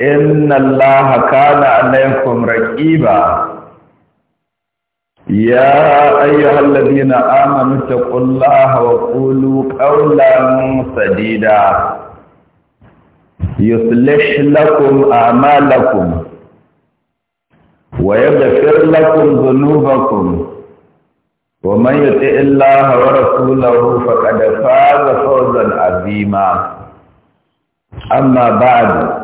inna allaha kana alaykum raqiba ya ayyuhalladhina amanu taqullaha wa qulu qawlan sadida yuslih lakum a'malakum wa yaghfir lakum dhunubakum wa man yuti' allaha wa rasulahu faqad faza 'azima amma ba'du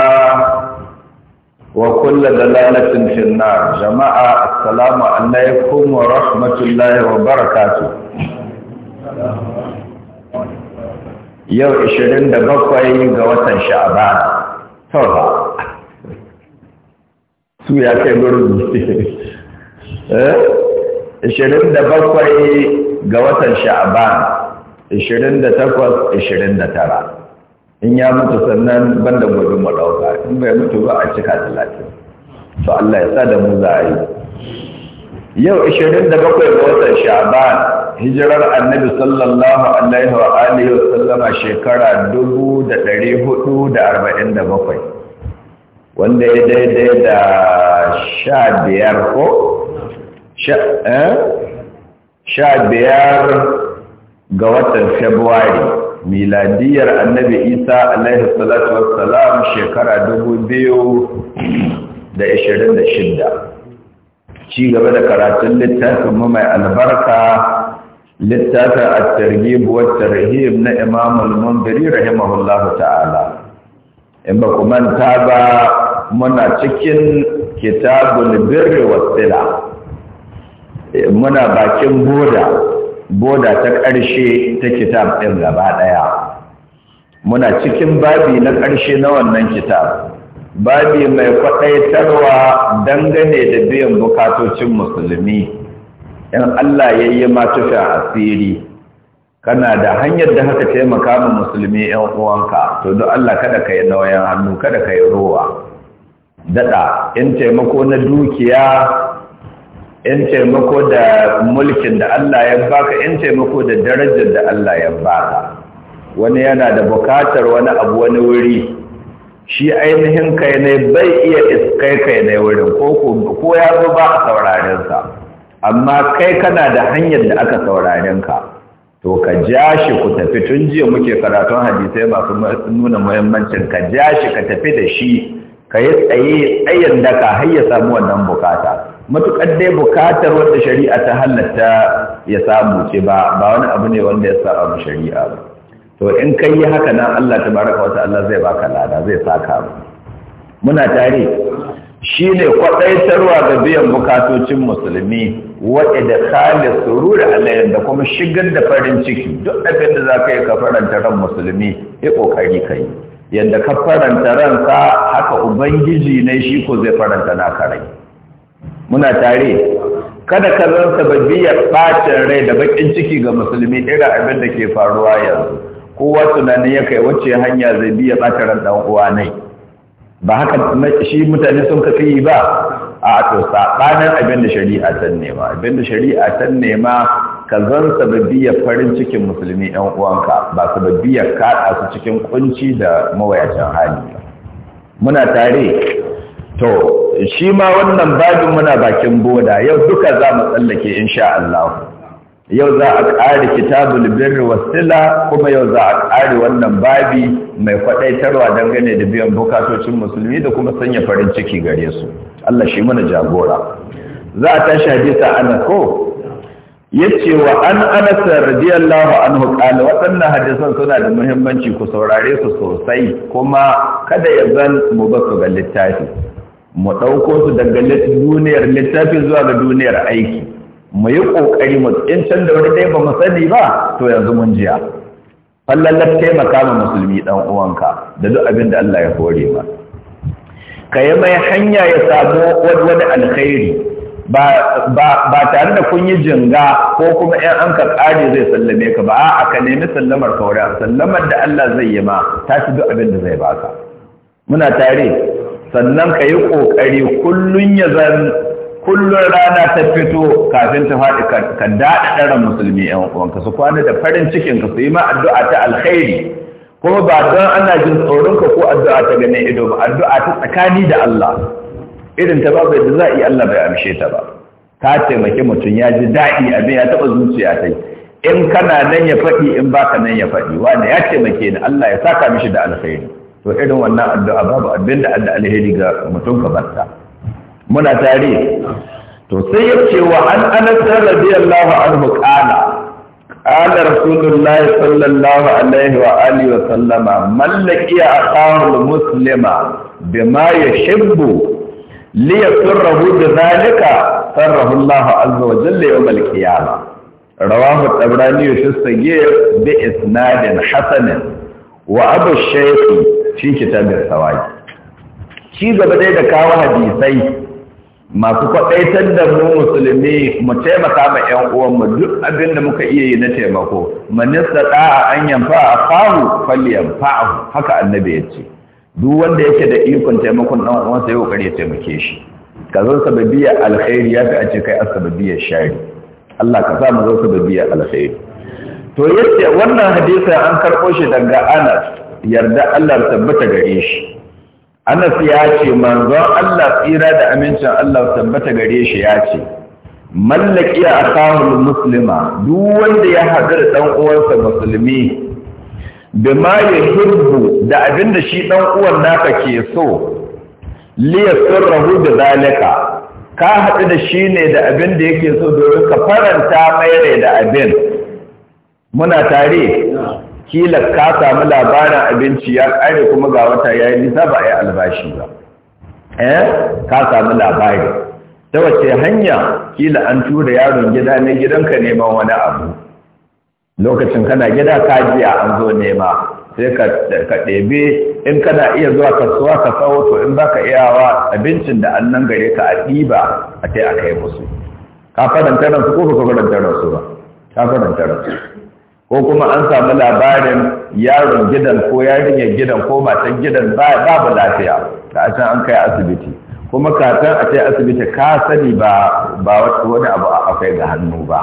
wa kulla dalalatin fil nar jama'a assalamu alaikum wa rahmatullahi wa barakatuh yau 27 ga watan sha'ban tawba su ya kai gurbi eh 27 ga watan sha'ban 28 29 in ya mutu sannan banda gobe mu dauka in bai mutu ba a cika talatin to Allah ya sa da mu zai yau 27 ga watan sha'ban hijirar annabi sallallahu alaihi wa alihi wa sallama shekara 1447 wanda ya daidai da 15 ko eh? sha biyar ga watan Februari miladiyar annabi isa alaihi salatu wassalam shekara shidda. ci gaba da karatun littafin mu mai albarka littafin at-targhib wa tarhib na imam al-munziri rahimahullahu ta'ala in ba ku manta ba muna cikin kitabul birri was sila eh, muna bakin boda boda ta ƙarshe ta kitab ɗin gaba ɗaya muna cikin babi na ƙarshe na wannan kitab babi mai kwaɗaitarwa dangane da biyan bukatocin musulmi Yan Allah ya yi matufin asiri kana da hanyar da haka taimaka ma musulmi ‘yan uwanka to don Allah kada ka yi nauyin hannu kada ka yi rowa daɗa in taimako na dukiya in taimako da mulkin da Allah ya baka in taimako da darajar da Allah ya baka wani yana da bukatar wani abu wani wuri shi ainihin kai ne bai iya kai kai ne wurin ko ko ya zo ba a sauraren sa amma kai kana da hanyar da aka sauraren ka to ka ja shi ku tafi tun jiya muke karatun hadisai masu nuna muhimmancin ka ja shi ka tafi da shi ka yi tsaye tsayin daka har ya samu wannan bukata matuƙar dai buƙatar wanda shari'a ta halatta ya samu ce ba ba wani abu ne wanda ya sa mu shari'a ba to in kai yi haka nan Allah ta baraka wata Allah zai baka lada zai saka mu muna tare shine kwadaitarwa ga biyan bukatocin musulmi waɗanda kale sururi Allah da kuma shigar da farin ciki duk abin da ka yi ka faranta ran musulmi ya ka yi. yadda ka faranta ran ka, haka ubangiji ne shi ko zai faranta naka rai muna tare kada ka zan sababiyar bacin rai da bakin ciki ga musulmi irin abin da ke faruwa yanzu kowa tunani ya kai wacce hanya zai biya bacin ran dan uwa ne ba haka shi mutane sun ka yi ba a to sabanin abin da shari'a ta nema abin da shari'a ta nema ka zan sababiyar farin cikin musulmi ɗan uwanka ba sababiyar kaɗa su cikin kunci da mawayacin hali ba. muna tare to shi ma wannan babin muna bakin boda yau duka za mu tsallake insha Allah yau za a ƙari kitabul birri wasila kuma yau za a ƙari wannan babi mai faɗaitarwa dangane da biyan bukatocin musulmi da kuma sanya farin ciki gare su Allah shi mana jagora za a tashi hadisa ana ko yace wa an anas radiyallahu anhu qala waɗannan hadisan suna da muhimmanci ku saurare su sosai kuma kada ya zan mu basu ga littafi mu ɗauko su daga duniyar littafi zuwa ga duniyar aiki mu yi ƙoƙari mu tsincin da wani ɗaya ba mu sani ba to yanzu mun jiya fallalar taimaka ma musulmi ɗan uwanka da duk abin da Allah ya hore ma ka yi mai hanya ya samu wani alkhairi ba tare da kun yi jinga ko kuma ‘yan an ka ƙari zai sallame ka ba a ka nemi sallamar kaura sallamar da Allah zai yi ma ta fi duk abin da zai baka muna tare sannan ka yi ƙoƙari kullum ya zan kullum rana ta fito kafin ta faɗi ka daɗa ɗara musulmi ‘yan uwanka su kwana da farin cikin ka su yi ma addu'a ta alkhairi kuma ba don ana jin tsoron ka ko addu'a ta ganin ido ba addu'a ta tsakani da Allah irin ta ba bai za a yi Allah bai amshe ta ba ka taimake mutum ya ji daɗi abin ya taɓa zuciya ta in kana nan ya faɗi in baka nan ya faɗi wanda ya taimake ni Allah ya saka mishi da alkhairi to irin wannan addu'a babu abin da adda alheri ga mutum ka barta muna tare to sai ya ce wa an anas radiyallahu anhu qala qala rasulullahi sallallahu alaihi wa alihi wa sallama man laqiya aqahu muslima bima yashibbu liyasrahu bidhalika sarahu Allah azza wa jalla yawm al-qiyamah رواه الطبراني في الصغير بإسناد حسن وأبو الشيخ shi kitabin sawaki shi gaba dai da kawo hadisai masu kwaɗaitar da mu musulmi mu taimaka ma yan uwanmu duk abin da muka iya yi na taimako manista a an yamfa a fahu falliyan fa'ahu haka annabi ya ce duk wanda yake da ikon taimakon ɗan uwansa ya kokari ya taimake shi ka zo alkhairi ya fi a ce kai a shari Allah ka sa mu zo sababiya alkhairi to yadda wannan hadisin an karɓo shi daga Anas yarda Allah tabbata gare shi Anas ya ce manzon Allah tsira da amincin Allah tabbata gare shi ya ce mallaki akahul muslima duk wanda ya haɗu da dan uwansa musulmi bima hirbu da abinda shi dan uwan naka ke so liyasrahu da zalika ka hadu da shi ne da abinda yake so domin ka faranta mai da abin muna tare kila ka samu labarin abinci ya kare kuma ga wata ya yi nisa ba a yi albashi ba eh ka samu labari ta wace hanya kila an tura yaron gida ne gidanka neman wani abu lokacin kana gida ka a an zo nema sai ka ɗebe in kana iya zuwa kasuwa ka sawo to in baka iyawa abincin da an nan gare ka a ɗiba a kai a kai musu ka faranta su ko ka ka da su ba ka faranta su. ko kuma an samu labarin yaron gidan ko yarinyar gidan ko matan gidan babu lafiya da a can an kai asibiti kuma kafin a kai asibiti ka sani ba ba wani abu akwai ga hannu ba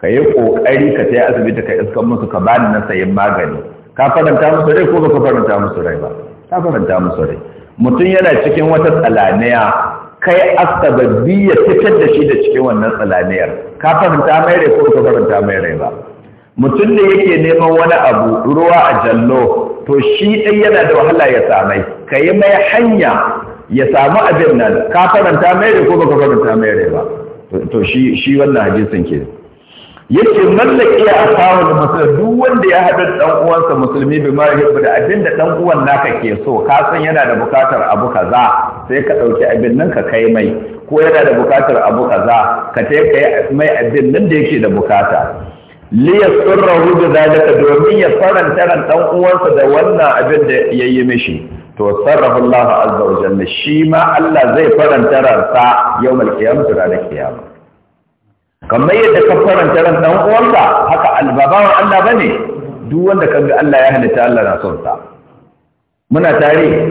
ka yi ƙoƙari ka kai asibiti ka iskan musu ka bani na sayin magani ka faranta musu rai ko baka ka faranta musu rai ba ka faranta musu rai mutum yana cikin wata tsalaniya kai asababi ya fitar da shi da cikin wannan tsalaniyar ka faranta mai rai ko baka ka faranta mai rai ba mutum da yake neman wani abu ruwa a jallo to shi ɗai yana da wahala ya samai ka yi mai hanya ya samu abin nan ka faranta mai ko baka faranta mai ba to shi wannan hadisin ke yake mallaki kawo da musulmi duk wanda ya haɗa ɗan uwansa musulmi bai ma yahibbu da abin da ɗan uwan naka ke so ka san yana da bukatar abu kaza sai ka ɗauki abin nan ka kai mai ko yana da bukatar abu kaza ka taimaka mai abin nan da yake da bukata. liyasirrahu da zalika domin ya faranta ran dan uwansa da wannan abin da yayi mishi to sarrafa Allah azza wa jalla shi ma Allah zai faranta ransa yawmal qiyamah ranar kiyama kamar yadda ka faranta ran dan uwanka haka albabawan Allah bane duk wanda kaga Allah ya halitta Allah na son sa muna tare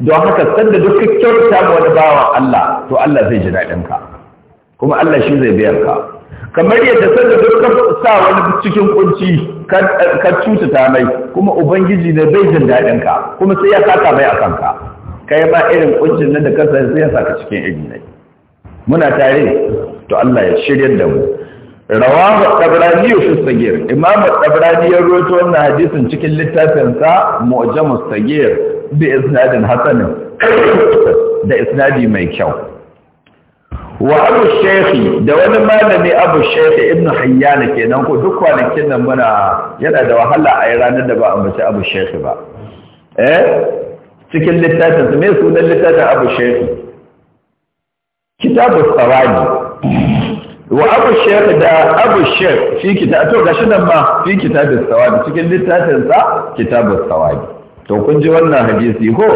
don haka sanda duk kyauta wani bawa Allah to Allah zai ji daɗin ka kuma Allah shi zai biya ka kamar yadda sanda dukkan sa wani cikin kunci ka ta mai kuma ubangiji ne zai jin daɗin ka kuma sai ya saka mai a kanka kai ba irin kuncin nan da kansa sai ya saka cikin iri ne muna tare to Allah ya shiryar da mu rawahu tabrani yusuf sagir imam tabrani ya rawaito wannan hadisin cikin littafin sa mu'jamus sagir bi isnadin hasan da isnadi mai kyau wa abu shekhi da wani malami abu shekhi ibn hayyana kenan ko duk kwanakin nan muna yana da wahala a ranar da ba a mace abu shekhi ba eh cikin littafin su mai sunan littafin abu shekhi kitabu tsawani wa abu shekhi da abu shekhi fi kitabu to gashi nan ma fi kitabu tsawani cikin littafin sa kitabu tsawani to kun ji wannan hadisi ko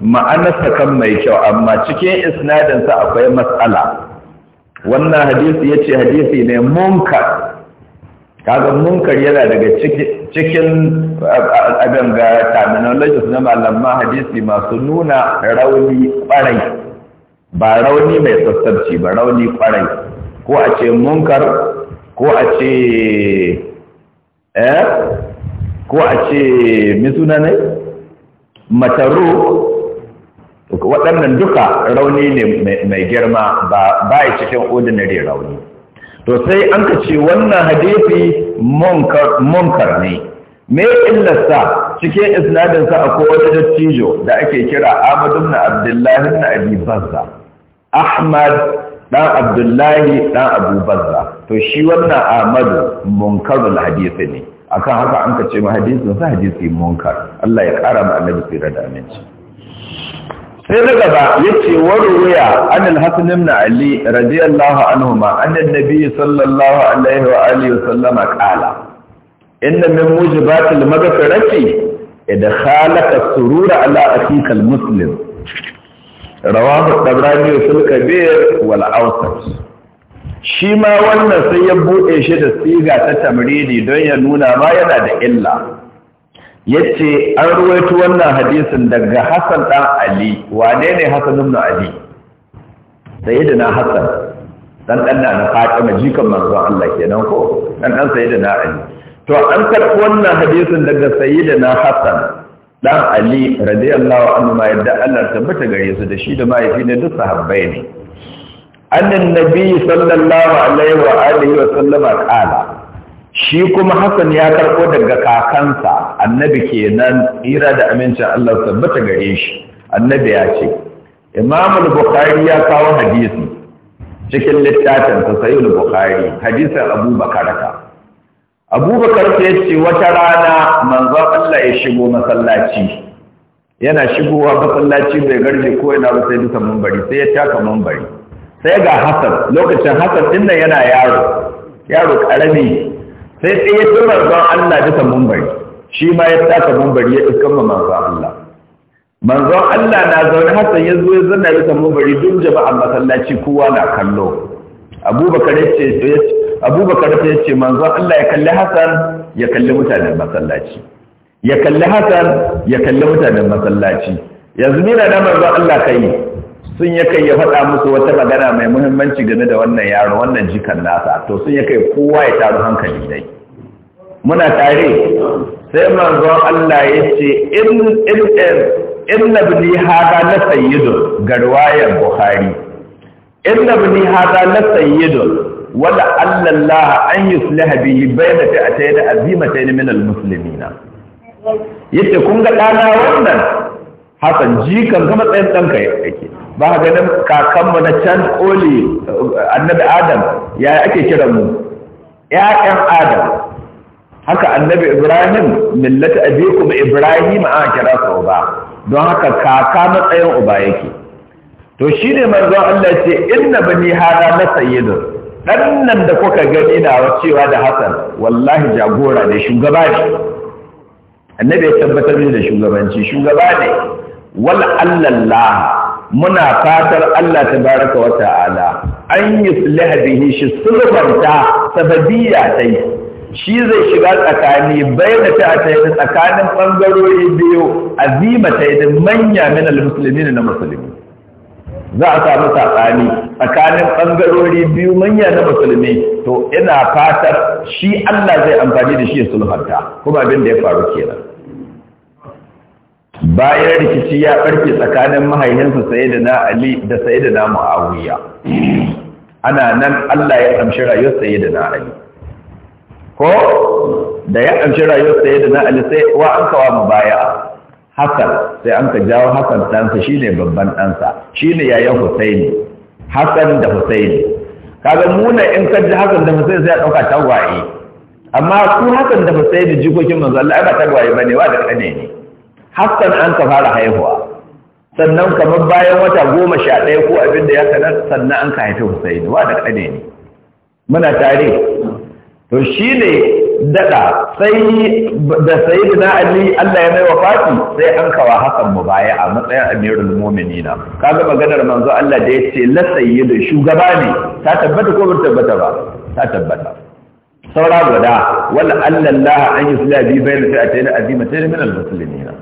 ma'anarsa kan mai kyau amma cikin isnadinsa akwai matsala wannan hadisi ya ce hadisi ne munkar kaga munkar yana daga cikin abin ga terminologist na malamma hadisi masu nuna rauni kwarai ba rauni mai sassabci ba rauni kwarai ko a ce munkar ko a ce eh ko a ce misuna ne mataru waɗannan duka rauni ne mai girma ba ya cikin ordinary rauni to sai an ka ce wannan hadisi munkar ne me illarsa cikin isnadinsa akwai wata dattijo da ake kira Ahmad ibn Abdullah ibn Abi Bazza Ahmad dan Abdullahi dan Abu Bazza to shi wannan Ahmad munkarul hadisi ne akan haka an ka ce ma hadisin sa hadisi munkar Allah ya kara ma annabi tsira da aminci sai na gaba yace waruya an al-hasan ibn ali radiyallahu anhu ma annan nabi sallallahu alaihi wa alihi wa sallama qala inna min mujibatil maghfirati idkhalaka surura ala akikal muslim rawahu tabrani wa sulkabir wal awsat shi ma wannan sai ya buɗe shi da siga ta tamridi don ya nuna ma yana da illa yace an ruwaito wannan hadisin daga Hassan dan Ali wane ne Hassan ibn Ali sayyidina Hassan dan dan na Fatima jikan manzo Allah kenan ko dan dan sayyidina Ali to an karɓi wannan hadisin daga sayyidina Hassan dan Ali radiyallahu anhu ma yadda Allah tabbata gare su da shi da fi ne duk sahabbai ne annan النبي sallallahu alaihi wa وآله وسلم قال shi kuma Hassan ya karɓo daga kakansa annabi kenan ira da amincin Allah tabbata gare shi annabi ya ce imam bukhari ya kawo hadisi cikin littafin sa sahih al-bukhari hadisin abu ka abu ya ce wata rana manzon Allah ya shigo masallaci yana shigowa masallaci bai garje ko ina ba sai duka mambari sai ya taka mambari sai ga Hassan lokacin Hassan din nan yana yaro yaro karami sai sai ya tura zan Allah bisa mumbari shi ma ya taka mumbari ya iskan ma manzo Allah manzo Allah na zaune Hassan ya zo ya zanna ta mumbari dun jama'a masallaci kowa na kallo Abubakar ya ce Abubakar ya ce manzo Allah ya kalli Hassan ya kalli mutanen masallaci ya kalli Hassan ya kalli mutanen masallaci yanzu ne da manzo Allah kai sun ya kai ya faɗa musu wata magana mai muhimmanci game da wannan yaro wannan jikan nasa to sun ya kai kowa ya taru hankali dai muna tare sai manzon Allah ya ce in in in nabni hada na sayyidun garwayar bukhari in nabni hada na sayyidun wala Allah an yusliha bihi bayna fi'atayn azimatayn min al-muslimina yace kun ga dana wannan hasan jikan tsayin matsayin danka yake ba ganin kakanmu na can koli annabi adam ya ake kiran mu ƴaƴan adam haka annabi ibrahim millata abikum ibrahim an kira sa uba don haka kaka matsayin uba yake to shine manzo Allah ce inna bani hada na sayyidun dan nan da kuka gani na cewa da Hassan wallahi jagora ne shugaba ne annabi ya tabbatar da shugabanci shugaba ne wal allallah. muna fatar Allah ta baraka wa ta'ala an yi bihi shi sulhanta ta yi shi zai shiga tsakani bayyana ta ta yi tsakanin bangarori biyu azima ta yi manya min almuslimin na musulmi za a samu tsakani tsakanin bangarori biyu manya na musulmi to ina fatar shi Allah zai amfani da shi ya sulhanta kuma abin da ya faru kenan bayan rikici ya ɓarke tsakanin mahaifinsa sayyidina Ali da sayyidina Muawiya ana nan Allah ya amshi rayuwar sayyidina Ali ko da ya amshi rayuwar sayyidina Ali sai wa an kawa baya. Hassan sai an ka jawo Hassan ɗansa ne babban ɗansa ne yayan Husaini Hassan da Husaini kaga muna in ka ji Hassan da Husaini sai ya ɗauka tagwaye amma su Hassan da Husaini jikokin manzo Allah ba tagwaye bane wa da kane ne hassan an ka fara haihuwa sannan kamar bayan wata goma sha ɗaya ko abin da ya sana sannan an ka haifi Hussaini wa da ƙane ne muna tare to shi ne daɗa sai da sai da Ali Allah ya mai wa fati sai an kawa Hassan mu baya a matsayin Amirul Ka kaga maganar manzo Allah da ya ce lasayi da shugaba ne ta tabbata ko ba tabbata ba ta tabbata saura guda wala Allah an yi yusla na bayn fi'atayn azimatayn min al na.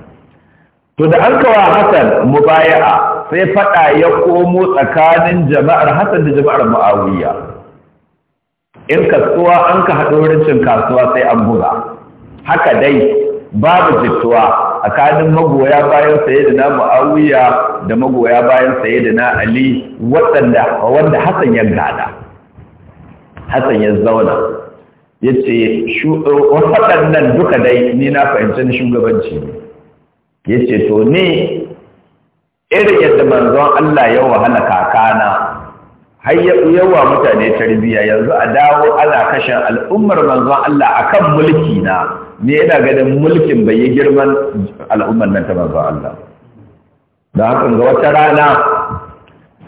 to da an kawo Hassan mubaya'a sai fada ya komo tsakanin jama'ar Hassan da jama'ar Muawiya in kasuwa an ka haɗo rincin kasuwa sai an buga haka dai babu jituwa tsakanin magoya bayan sayyidina Muawiya da magoya bayan sayyidina Ali waɗanda wanda Hassan ya gada Hassan ya zauna yace waɗannan duka dai ni na fahimci shugabanci ne ya ce to ni irin yadda manzon Allah ya wahala kakana har ya yawa mutane tarbiyya yanzu a dawo ana kashe al'ummar manzon Allah akan mulki na ne yana ganin mulkin bai yi girman al'ummar nan ta manzon Allah da haka ga wata rana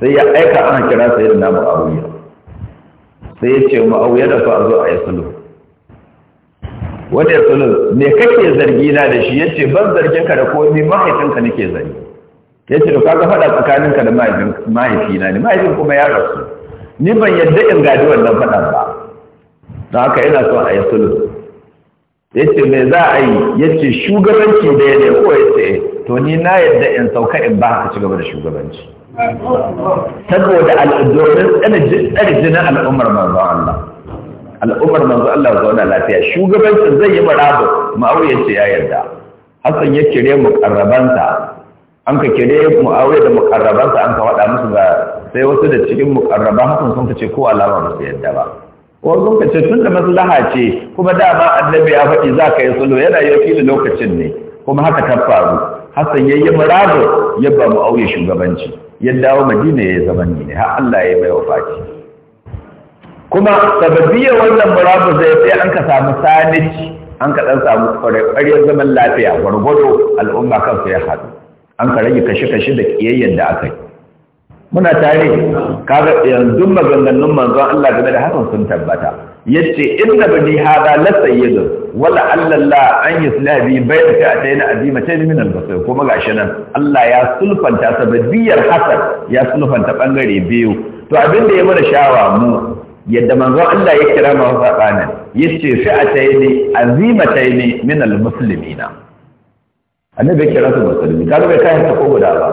sai ya aika ana kira sayyidina Muawiya sai ya ce Muawiya da fa zo a yi sulhu wanda ya tsulu me kake zargi na da shi yace ban zargin ka da komi mahaifinka nake zargi yace to kaga tsakanin tsakaninka da mahaifina ne mahaifin kuma ya rasu ni ban yadda in gadi wannan fada ba don haka ina so a yi sulhu yace me za a yi yace shugabanci da ya ko yace to ni na yadda in sauka in ba haka cigaba da shugabanci saboda al'adomin tsarjinin al'ummar manzo Allah al'ummar manzo Allah zauna lafiya Shugabanci zai yi marabu ma'awiya ce ya yarda Hassan ya kire mu mukarrabansa an ka kire mu aure da mukarrabansa an ka wada musu ga sai wasu da cikin mukarraban Hassan sun ce ko alama ba su yarda ba ko sun ce tun da maslaha ce kuma dama annabi ya faɗi za ka yi sulhu yana yi fili lokacin ne kuma haka ta faru Hassan ya yi marabu ya ba aure shugabanci ya dawo Madina ya yi zaman ne har Allah ya yi mai Fati. kuma sababiyar wannan murabus zai sai an ka samu sanici an ka dan samu kwarekwariyar zaman lafiya gwargwado al'umma kansu ya haɗu an ka rage kashe-kashe da ƙiyayyar da aka yi muna tare kaga yanzu maganganun manzon Allah game da hakan sun tabbata yace inna bani hada la sayyid wala allalla an yusla bayta baita atayn ta min albasir kuma gashi nan Allah ya sulfanta sababiyar hasan ya sulfanta bangare biyu to abinda ya mana shawa mu yadda manzon Allah ya kira ma sabanin yace fi'atayn azimatayn min almuslimina annabi kira su musulmi kaga bai kai ta ko guda ba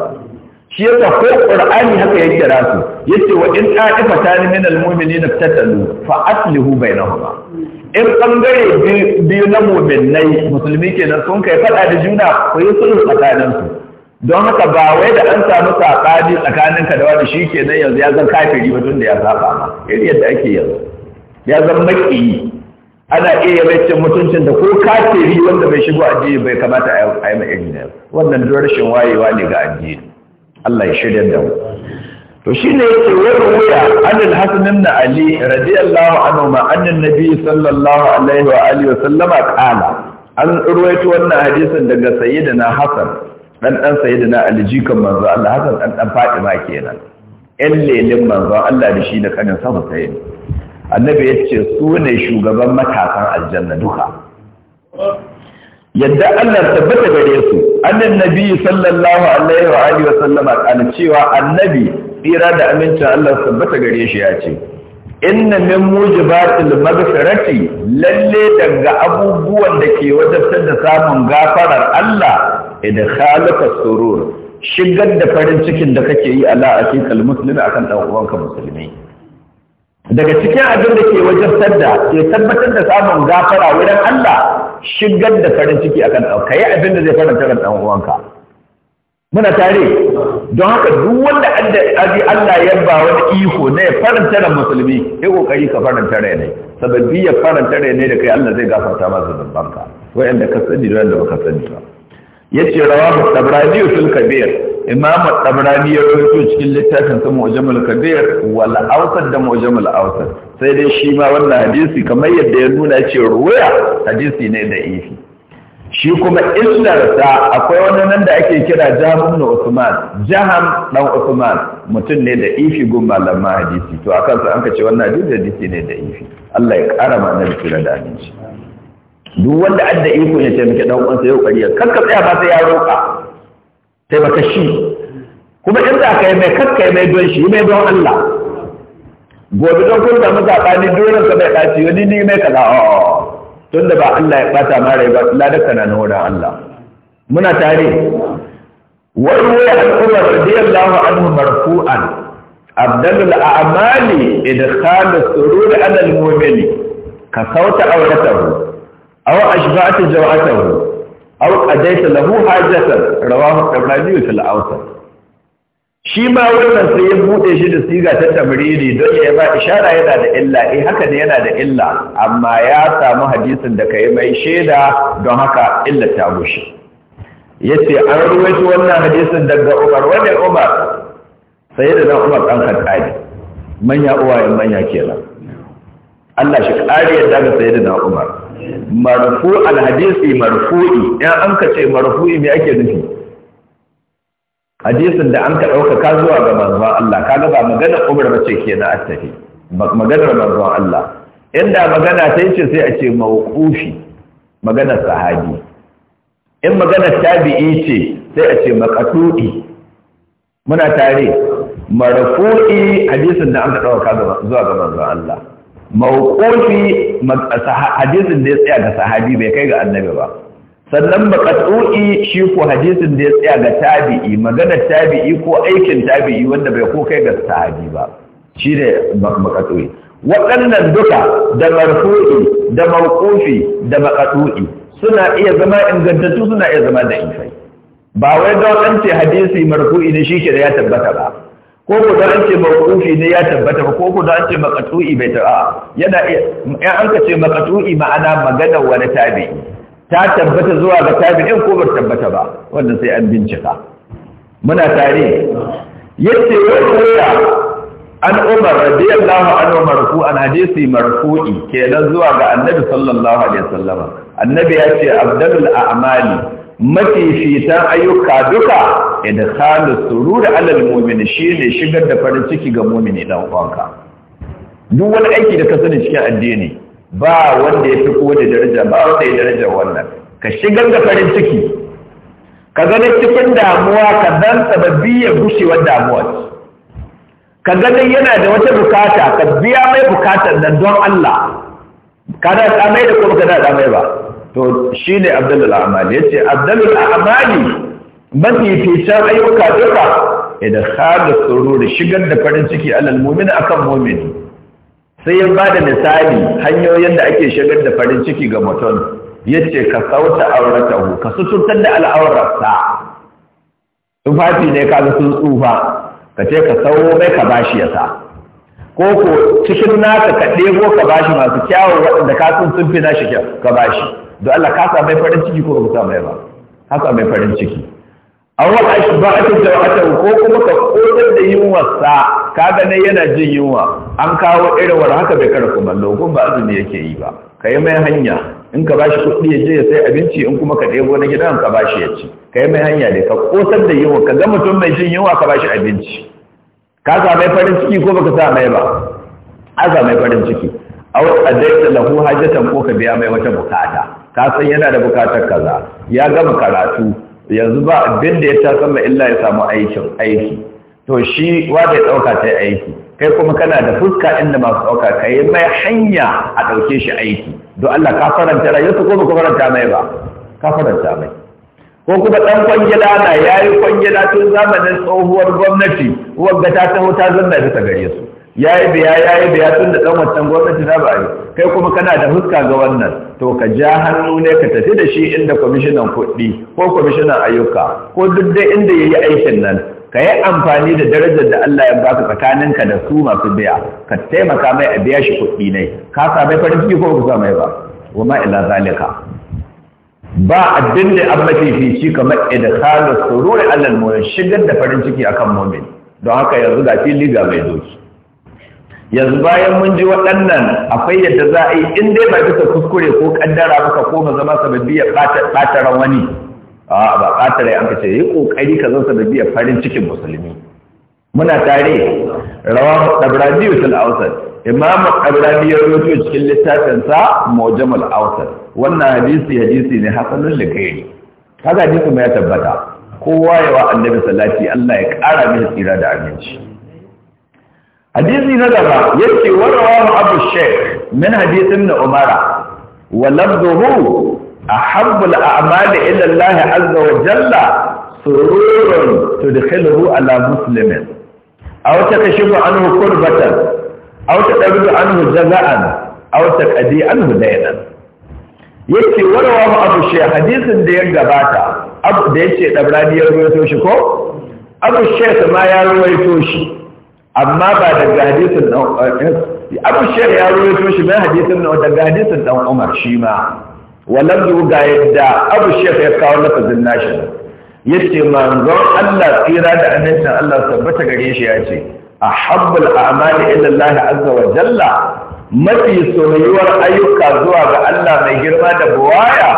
shi yasa ko qur'ani haka ya kira su yace wa in ta'ifatan min almu'minina tatalu fa aslihu bainahuma in bangare biyu na mu'minai musulmi kenan sun kai fada da juna ko yi sulhu tsakaninsu don haka ba wai da an samu saɓani tsakaninka da wani shi ke nan yanzu ya zan kafiri mutum da ya saba ma iri yadda ake yanzu ya zan maƙiyi ana iya mai cin mutuncin da ko kafiri wanda bai shigo addini bai kamata a yi ma irin yanzu wannan don rashin wayewa ne ga addini Allah ya shirya da mu to shi ne yake wani wuya anil hasanin na ali radiyallahu anhu ma annan nabi sallallahu alaihi wa alihi wa sallama kala an ruwaito wannan hadisin daga sayyidina hasan dan dan sayyidina ali jikan manzo Allah hakan dan dan Fatima kenan ɗan lelin manzo Allah da shi da kanin sa Hussein annabi yace su ne shugaban matasan aljanna duka yadda Allah tabbata gare su annabi sallallahu alaihi wa alihi wa sallama kana cewa annabi tsira da amincin Allah tabbata gare shi yace. inna min mujibatil maghfirati lalle daga abubuwan da ke wajabtar da samun gafarar Allah Idan idkhalaka surur shigar da farin cikin da kake yi ala akikal muslimi akan dan uwanka musulmi daga cikin abin da ke wajen sadda ke tabbatar da samun gafara wurin Allah shigar da farin ciki akan dan kai abin da zai faranta ran dan uwanka muna tare don haka duk wanda aji Allah ya ba wani iko na ya faranta ran musulmi ya kokari ka faranta rai ne saboda ya faranta rai ne da kai Allah zai gafarta masa ka wayanda ka sani da wanda baka sani ba yace rawahu tabrani usul kabir imam tabrani ya rubuta cikin littafin sa mu'jamul kabir wal awsat da mu'jamul awsat sai dai shi ma wannan hadisi kamar yadda ya nuna yace ruwaya hadisi ne da ifi shi kuma sa akwai wani nan da ake kira jaham na usman jaham dan usman mutum ne da ifi gun malama hadisi to akan sa an ka ce wannan hadisi ne da ifi Allah ya karama mana da kira da aminci duk wanda da iko ya taimake dan uwansa yau kariya kakka tsaya ba sai ya roƙa taimaka shi kuma in za ka yi mai kakka mai don shi mai don Allah gobe don kun samu saɓani doron ka bai ɓaci wani ni mai kaza tun da ba Allah ya ɓata ma rai ba da na nuna Allah muna tare warwaya al'ummar radiyallahu anhu marfu'an abdalul a'mali idkhalu surur ala al-mu'mini ka sauta auratahu aw ashba'ta jaw'atahu aw qadaita lahu hajatan rawahu tabari fil awsat shi ma wannan sai ya bude shi da siga ta tamriri don ya ba ishara yana da illa eh haka ne yana da illa amma ya samu hadisin da kai mai shaida don haka illa ta gushi yace an ruwaito wannan hadisin daga Umar wanda Umar sai da Umar dan Khattabi manya uwaye manya kenan Allah shi kare yadda ga sayyidina Umar marfu alhadisi marfu'i yan an ka ce marfu'i me ake nufi hadisin da an ka ɗaukaka zuwa ga manzon Allah kaga ba magana Umar ba ce kenan attafi maganar manzon Allah inda magana ta yace sai a ce mawqufi magana sahabi in magana tabi'i ce sai a ce maqtu'i muna tare marfu'i hadisin da an ka ɗaukaka zuwa ga manzon Allah mawqufi hadisin da ya tsaya ga sahabi bai kai ga annabi ba sannan maqtu'i shi ko hadisin da ya tsaya ga tabi'i magana tabi'i ko aikin tabi'i wanda bai ko kai ga sahabi ba shi ne maqtu'i waɗannan duka da marfu'i da mawqufi da maqtu'i suna iya zama ingantattu suna iya zama da ifai ba wai da wadance hadisi marfu'i ne shi ke da ya tabbata ba ko ko da an ce mawqufi ne ya tabbata ko ko da an ce maqtu'i bai ta yana in an ka ce maqtu'i ma'ana magana wani tabi ta tabbata zuwa ga tabi tabi'in ko ba tabbata ba wannan sai an bincika muna tare yace wannan an umar radiyallahu anhu marfu an hadisi marfu'i kenan zuwa ga annabi sallallahu alaihi wasallama annabi ya ce abdalul a'mali mafifitan ayyuka duka idkhalu sururi alal shi shine shigar da farin ciki ga mu'mini dan uwanka duk wani aiki da ka sani cikin addini ba wanda ya fi kowa da daraja ba wanda ya daraja wannan ka shigar da farin ciki ka gani cikin damuwa ka dan sababbi ya wa damuwa ka gani yana da wata bukata ka biya mai bukatar nan don Allah ka da mai da kuma ka da mai ba to shi ne abdullal amali ya ce abdullal amali mafi fitar ayyuka duka idan haɗa tsoro da shigar da farin ciki alal mumini akan mumini sai ya ba da misali hanyoyin da ake shigar da farin ciki ga mutum ya ce ka sauta auratahu ka suturtar da al'aurarsa tufafi ne ka ga sun tsufa ka ce ka sauro mai ka bashi ya sa ko ko cikin naka ka ɗebo ka bashi masu kyawun waɗanda ka sun fi na shi ka bashi don Allah ka sa mai farin ciki ko ba sa mai ba ka sa mai farin ciki an wata shi ba a cikin wata ko kuma ka kodar da yunwa sa ka gane yana jin yunwa an kawo irin wani haka bai kara kumallo Lokun ba azumi yake yi ba ka yi mai hanya in ka bashi kuɗi ya je ya sai abinci in kuma ka ɗebo na gidan ka bashi ya ci ka yi mai hanya ne ka kosar da yunwa ka ga mutum mai jin yunwa ka bashi abinci ka sa mai farin ciki ko baka sa mai ba a sa mai farin ciki a wata da lahu hajjatan ko ka biya mai wata bukata ka san yana da bukatar kaza ya gama karatu yanzu ba abin da ya ta sama illa ya samu aikin aiki to shi wanda ya dauka ta aiki kai kuma kana da fuska inda masu dauka kai mai hanya a dauke shi aiki don Allah ka faranta rayuwarsa ko ka faranta mai ba ka faranta mai ko kuma ɗan kwangila na yayi kwangila tun zamanin tsohuwar gwamnati ga ta taho ta zanna ta gare su Ya yi biya ya yi biya tun da dan gwamnati na ba yi kai kuma kana da huska ga wannan to ka ja hannu ne ka tafi da shi inda kwamishinan kuɗi ko kwamishinan ayyuka ko duk dai inda ya yi aikin nan ka yi amfani da darajar da Allah ya baka tsakaninka da su masu biya ka taimaka mai a biya shi kuɗi ne ka same farin ciki ko ka mai ba wa ma ila zalika ba addin da an mafifici kamar idkhalu sururi alal mu'min shigar da farin ciki akan mu'min don haka yanzu ga fili ga mai doki yanzu bayan mun ji waɗannan akwai yadda za a yi in dai ba bisa kuskure ko kaddara ko koma zama sababbi ya ɓata ran wani a ba ɓata rai an ka ce yi ƙoƙari ka zan sababbi ya farin cikin musulmi muna tare rawa ɗabradiyu fil ausar imam ɗabradi ya rufe cikin littafinsa mujamul ausar wannan hadisi hadisi ne hasanun likairi kaga hadisi mai tabbata kowa yawa annabi salati Allah ya ƙara min tsira da aminci hadisi na gaba yake warawa abu shek min hadisin na umara wa labduhu ahabbu al-a'mal ila Allah azza wa jalla sururun tudkhiluhu ala muslimin aw takashifu anhu kurbatan aw tadabbu anhu jaza'an aw taqdi anhu daynan yake warawa abu shek hadisin da ya gabata abu da yake dabrani ya rawaito shi ko abu shaykh ma ya rawaito shi amma ba daga hadisin dan eh, Abu Shaykh ya rawaito shi mai hadisin nan daga hadisin dan Umar shi ma wallan zu ga yadda Abu Shaykh ya kawo lafazin nashi yace manzon Allah tsira da annabin Allah tabbata gare shi ya ce ahabbul a'mali ila Allah azza wa jalla mafi soyuwar ayyuka zuwa ga Allah mai girma da buwaya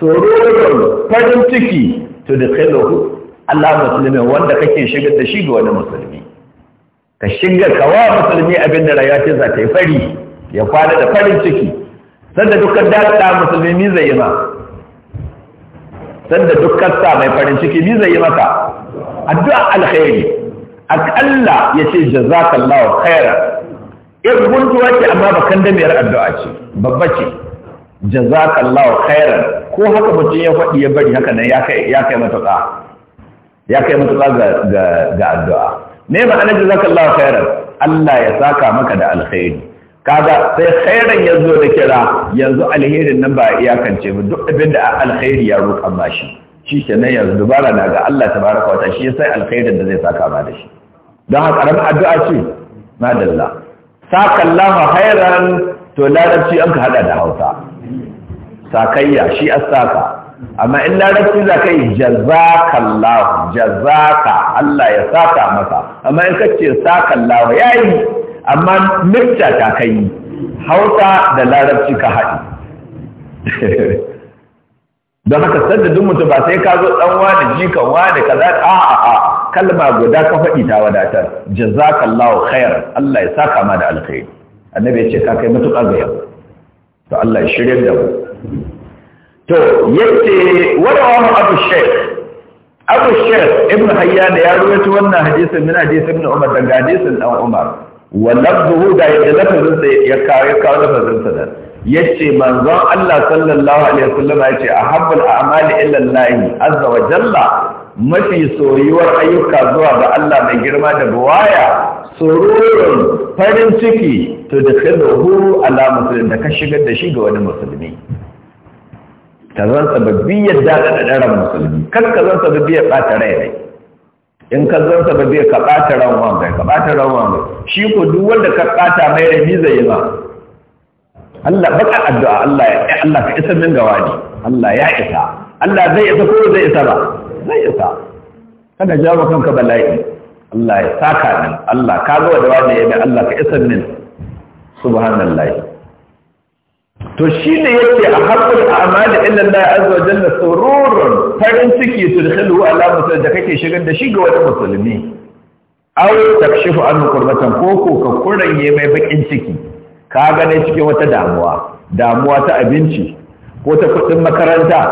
soyuwar farin ciki to da kai Allah musulmi wanda kake shigar da shi ga wani musulmi ka shiga kawa musulmi abin da rayuwa ce za ta yi fari ya kwana da farin ciki sanda dukkan dada musulmi mi zai yi ma sanda dukkan sa mai farin ciki mi zai yi maka addu'a alkhairi akalla ya ce jazakallahu khaira in guntuwa ce amma da damiyar addu'a ce babba ce jazakallahu khairan ko haka mutum ya faɗi ya bari haka nan ya kai matuƙa ya kai matuƙa ga addu'a ne ma'anar jazakallahu khairan Allah ya saka maka da alkhairi kaga sai khairan yazo da kira yanzu alherin nan ba iyakance ba duk abin da alkhairi ya roƙa ba shi shi kenan yanzu dubara na ga Allah tabaraka wata shi sai alkhairin da zai saka ba da shi don haka ran addu'a ce madalla sakallahu khairan to larabci an ka hada da Hausa sakayya shi as-saka amma in larabci za ka yi jazakallahu jazaka Allah ya saka masa amma in kace ya yayi amma mutta ta kai hausa da larabci ka haɗi don haka sanda duk mutum ba sai ka zo ɗan wani da wani kaza a a a kalma guda ka faɗi ta wadatar jazakallahu khair Allah ya saka ma da alkhairi annabi ya ce ka kai mutuƙa ga yau to Allah ya shirya da mu to yace wani abu shek, abu shek, ibn da ya rawaito wannan hadisin min hadisun ibn umar daga hadisin ɗan umar wa zuhu da yadda lafazin ya kawo ya kawo lafazin yace manzon Allah sallallahu alaihi ya a yace a a'mali illa Allah azza wa jalla mafi soyuwar ayyuka zuwa ga Allah mai girma da buwaya tsororin farin ciki to da kai da ala musulun da ka shigar da shi ga wani musulmi ka zan sababbiyar daɗa da ɗaran musulmi Kan ka zan sababbiyar ɓata rai rai in ka zan sababbiyar ka ɓata ran wangai ka ɓata ran wangai shi ko duk wanda ka ɓata mai rai zai yi ma Allah baka addu'a Allah ya Allah ka isa min gawa ne Allah ya isa Allah zai isa ko zai isa ba zai isa kana jawo kanka bala'i Allah ya saka min Allah ka zo da wani ya bi Allah ka isa min subhanallahi to shi ne yake a haƙƙul amali illa Allah azza wa jalla sururun farin ciki su da tudkhilu ala musulmi da kake shigar da shi ga wani musulmi aw takshifu anhu qurbatan ko ko ka kuranye mai baƙin ciki ka gane cikin wata damuwa damuwa ta abinci ko ta kuɗin makaranta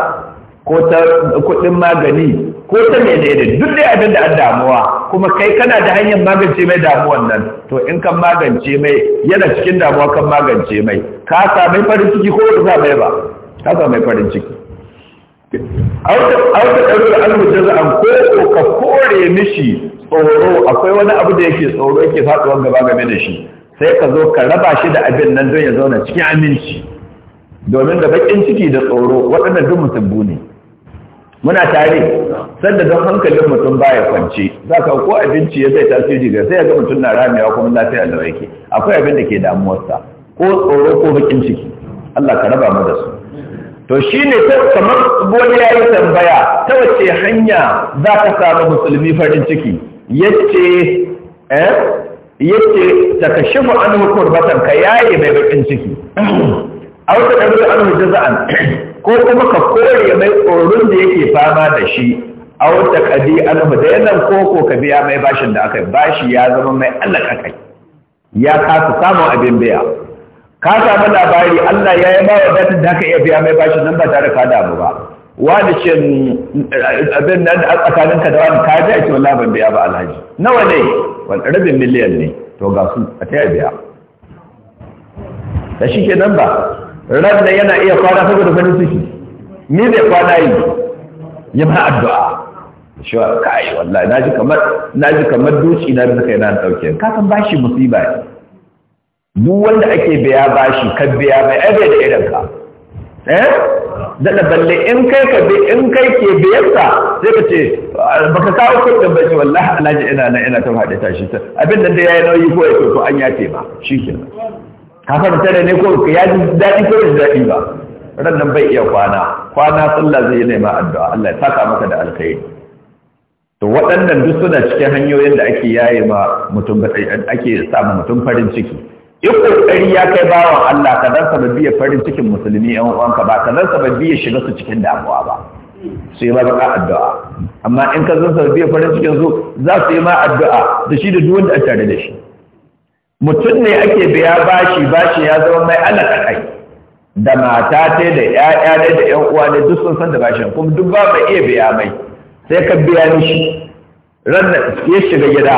ko ta kuɗin magani ko ta menene duk dai abin da an damuwa kuma kai kana da hanyar magance mai damuwan nan to in kan magance mai yana cikin damuwa kan magance mai ka sami farin ciki ko ba mai ba ka sami farin ciki A wata ɗaukar almujaza an ko ka kore mishi tsoro akwai wani abu da yake tsoro yake faɗuwar gaba game da shi sai ka zo ka raba shi da abin nan don ya zauna cikin aminci domin da bakin ciki da tsoro waɗannan duk mutum ne muna tare sanda don hankalin mutum baya kwance za ka ko abinci ya zai tasiri ga sai ya ga mutum na ramewa kuma lafiya da yake akwai abin da ke damuwarsa ko tsoro ko bakin ciki Allah ka raba mu da su to shine kamar wani yayi tambaya ta wace hanya za ka samu musulmi farin ciki yace eh yace takashifu anhu kurbatan ka yaye mai bakin ciki A aw an dalu anhu za'an. ko kuma ka kore mai tsoron da yake fama da shi a wata kadi an yanar koko ka biya mai bashin da aka bashi ya zama mai allaka kai ya kasa samun abin biya ka samu labari Allah ya yi mawa datin da aka iya biya mai bashin nan ba tare ka damu ba wani ce abin nan a ka da wani ka ji ce wani ban biya ba alhaji nawa ne wani rabin miliyan ne to ga su a ta biya da shi ke nan ba rab da yana iya kwana saboda farin ciki ni zai kwana yi ya ma addu'a shi wa kai wallahi naji kamar naji kamar doci na da kai na dauke ka san bashi musiba ne duk wanda ake biya bashi ka biya mai ai bai da irin ka eh da balle in kai ka bi in kai ke biyarsa sai ka ce baka kawo kudin ba ce wallahi alhaji ina nan ina ta faɗi tashi abin da yayi nauyi ko ya ko an yace ba shikenan kafa da da ne ko ya ji daɗi ko ji daɗi ba rannan bai iya kwana kwana sallah zai nema addu'a Allah ya saka maka da alkhairi to waɗannan duk suna cikin hanyoyin da ake yaye ma mutum ake samu mutum farin ciki in kokari ya kai bawan Allah ka dan sababbiya farin cikin musulmi yan uwanka ba ka dan sababbiya shiga su cikin damuwa ba su yi maka addu'a amma in ka zan sababbiya farin cikin su za su yi ma addu'a da shi da duk wanda a tare da shi mutum ne ake biya bashi bashi ya zama mai alaka kai da mata ce da ƴaƴa ne da ƴan uwa ne duk sun san da bashin kuma duk ba mai iya biya mai sai ka biya ni shi ranar ya shiga gida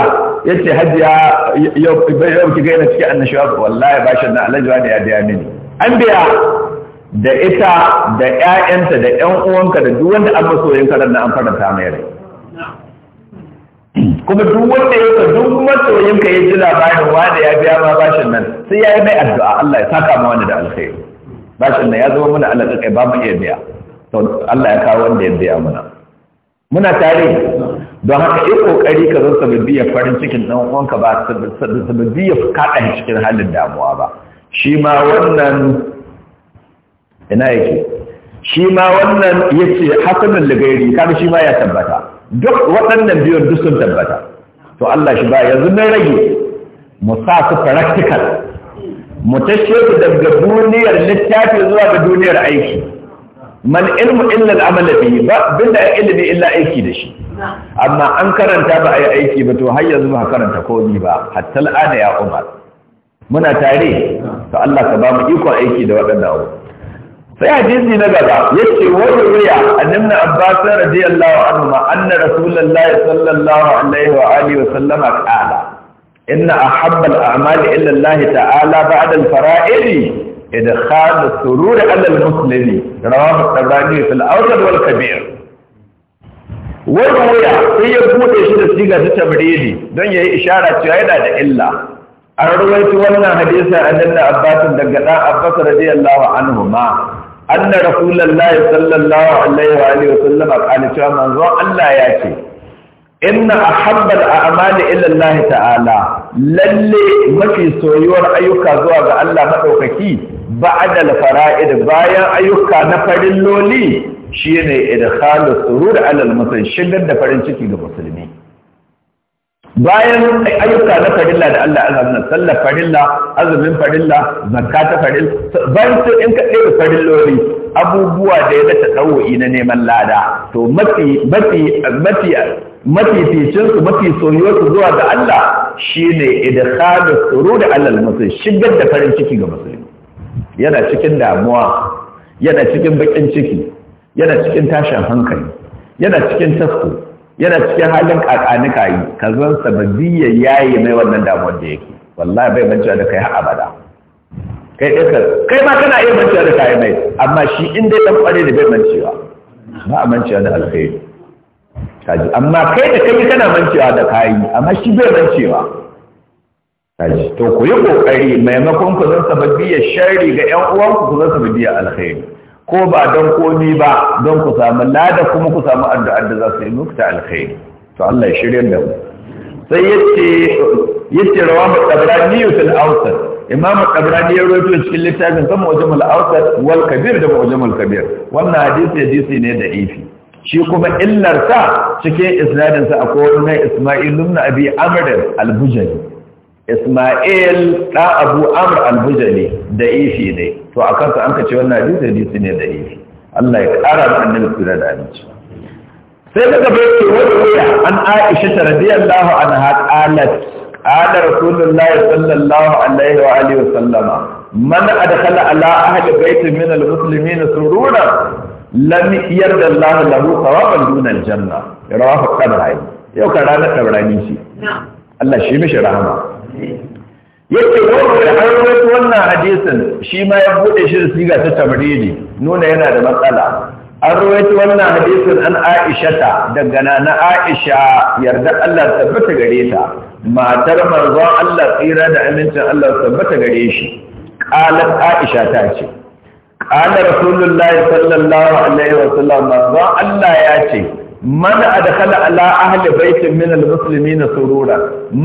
ya ce hajiya yau ki gaina cikin annashuwa wallahi bashin na alajuwa ne ya biya mini an biya da ita da ƴaƴanta da ƴan uwanka da duk wanda an masoyinka ran na an faranta mai rai kuma duk wanda ya ka duk ka ya ji labarin wanda ya biya ma bashin nan sai ya yi mai addu'a Allah ya saka ma wani da alkhairi bashin nan ya zama muna Allah kai ba mu iya biya to Allah ya kawo wanda ya biya muna muna tare don haka yi kokari ka zo ya farin cikin dan uwanka ba sababiyar kaɗa cikin halin damuwa ba shi ma wannan ina yake shi ma wannan yace ce ligairi kaga shi ma ya tabbata duk waɗannan biyun duk sun tabbata to Allah shi ba yanzu mun rage mu sa su practical mu tashe su daga duniyar littafi zuwa ga duniyar aiki man ilmu illa amala bihi ba binda ilmi illa aiki da shi amma an karanta ba ai aiki ba to har yanzu ba karanta komi ba hatta al'ada ya umar muna tare to Allah ka ba mu iko aiki da waɗannan sai hadisi na gaba yace wa ruya annabi abbas radiyallahu anhu ma anna rasulullahi sallallahu alaihi wa alihi wa sallama qala inna ahabba al-a'mali ila allah ta'ala ba'da al-fara'id idkhal as-surur ala al-muslimi rawahu at-tabrani fil awsat wal kabir wani wuya sai ya bude shi da siga ta tabridi don ya yi ishara cewa yana da illa an ruwaito wannan hadisa a nan da daga ɗan abbas radiyallahu anhu ma anna rasulullahi sallallahu alaihi wa alihi wasallam cewa manzo Allah ya ce inna ahabbal a'mali ila Allah ta'ala lalle mafi soyuwar ayyuka zuwa ga Allah madaukaki ba'da al-fara'id bayan ayyuka na farin loli shine idkhalu surur ala al-muslim shigar da farin ciki ga musulmi bayan ayyuka na farilla da Allah azumin sallar farilla azumin farilla zakka ta farilla bayan sai in ka ɗaya farilloli abubuwa da ya ta ɗawo'i na neman lada to mafi mafi mafi mafi ficin su mafi soyuwar su zuwa ga Allah shine idkhalu suru da Allah muslim shigar da farin ciki ga musulmi yana cikin damuwa yana cikin bakin ciki yana cikin tashin hankali yana cikin tasko yana cikin halin kakanika yi ka zan sababiyya yayi mai wannan damuwar da yake wallahi bai mancewa da kai har abada kai ɗaya kai ma kana iya mancewa da kai mai amma shi in dai ɗan ƙware da bai mancewa ba a mancewa da alkhairi kaji amma kai da kai kana mancewa da kai amma shi bai mancewa kaji to ku yi kokari maimakon ku zan sababiyya sharri ga ƴan uwanku ku zan sababiyya alkhairi ko ba don komi ba don ku samu lada kuma ku samu addu'ar da za su yi muku alkhairi to Allah ya shirya da mu sai yace yace rawahu tabrani fil awsat imamu tabrani ya rawaito cikin littafin kan mujmal awsat wal kabir da mujmal kabir wannan hadisi hadisi ne da ifi shi kuma illar sa cikin isnadin sa akwai wani Isma'il ibn Abi Amr al-Bujani Ismail ɗa Abu Amr al-Bujali da ifi ne to a kansa an ka ce wannan hadisi hadisi ne da ifi Allah ya ƙara da annabi kira da aminci sai daga bayyana wanda an Aisha radiyallahu anha qalat qala Rasulullahi sallallahu alaihi wa alihi wa sallama man adkhala ala ahli baiti min al-muslimin surura lam yarda Allah lahu thawaban dun al-janna rawahu Tabarani yau ka ranar Tabarani shi Allah shi mishi rahama yake wanda da an wannan hadisin shi ma ya buɗe shi da siga ta tamriri nuna yana da matsala an wannan hadisin an aishata daga na aisha yarda Allah tabbata gare ta matar manzon Allah tsira da amincin Allah tabbata gare shi qalat aisha ta ce qala rasulullahi sallallahu alaihi wasallam manzon Allah ya ce man adkhala ala ahli min surura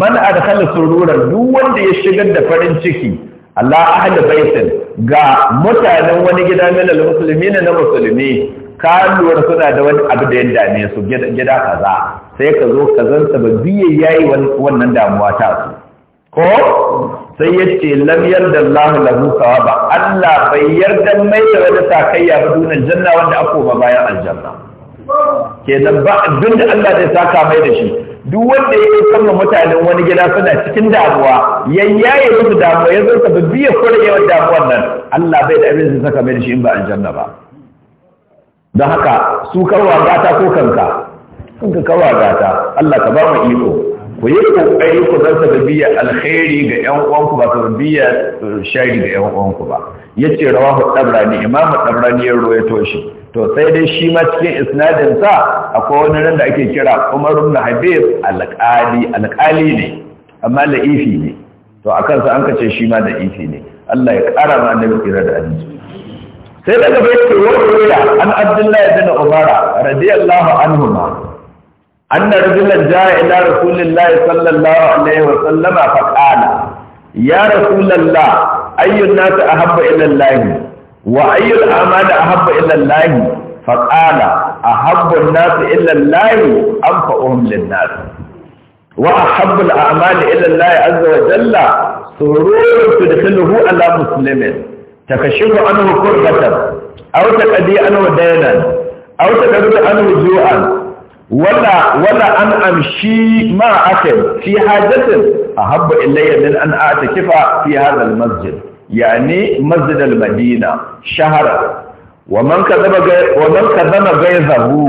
man adkhala surura duk wanda ya shigar da farin ciki ala ahli baitin ga mutanen wani gida min almuslimin na musulmi kaluwar suna da wani abu da ya dame su gida kaza sai ka zo ka zan sababbi yayi wannan damuwa ta su ko sai na lam yarda Allah lahu sawaba Allah bai yarda mai da wani sakayya ba dunan janna wanda a ba bayan aljanna kenan ba abin da Allah zai saka mai da shi duk wanda ya kama mutanen wani gida suna cikin damuwa yayyaye musu damuwa ya zo ka biya kore yawan damuwan nan Allah bai da abin da saka mai da shi in ba aljanna ba don haka su karwa gata ko kanka ka karwa gata Allah ka ba mu iko ku yi kokari ku zan biya alkhairi ga uwan uwanku ba biya shari ga uwan uwanku ba yace rawahu dabrani imamu dabrani ya to shi to sai dai shi ma cikin isnadin sa akwai wani nan da ake kira Umar ibn Habib al-Qali ne amma la'ifi ne to a kansa an kace shi ma la'ifi ne Allah ya ƙara ma annabi kira da hadisi sai daga bayyana wanda an Abdullahi bin Umar radiyallahu anhu anhuma anna rajulan jaa ila rasulillahi sallallahu alaihi wa sallama fa qala ya rasulallah ayyun nas ahabba ila allahi wa ayyul amali ahabba illa Allah fa qala ahabbu an-nas illa Allah anfa'uhum lin-nas wa ahabbu al-a'mali illa Allah azza wa jalla sururun tudkhiluhu ala muslimin takashifu anhu kurbatan aw taqdi anhu daynan aw taqdi anhu ju'an wala wala an amshi ma akai fi hajatin ahabba ilayya min an a'takifa fi hadha al-masjid yani masjid al-madina shahara wa man kadaba wa man kadama ghayzahu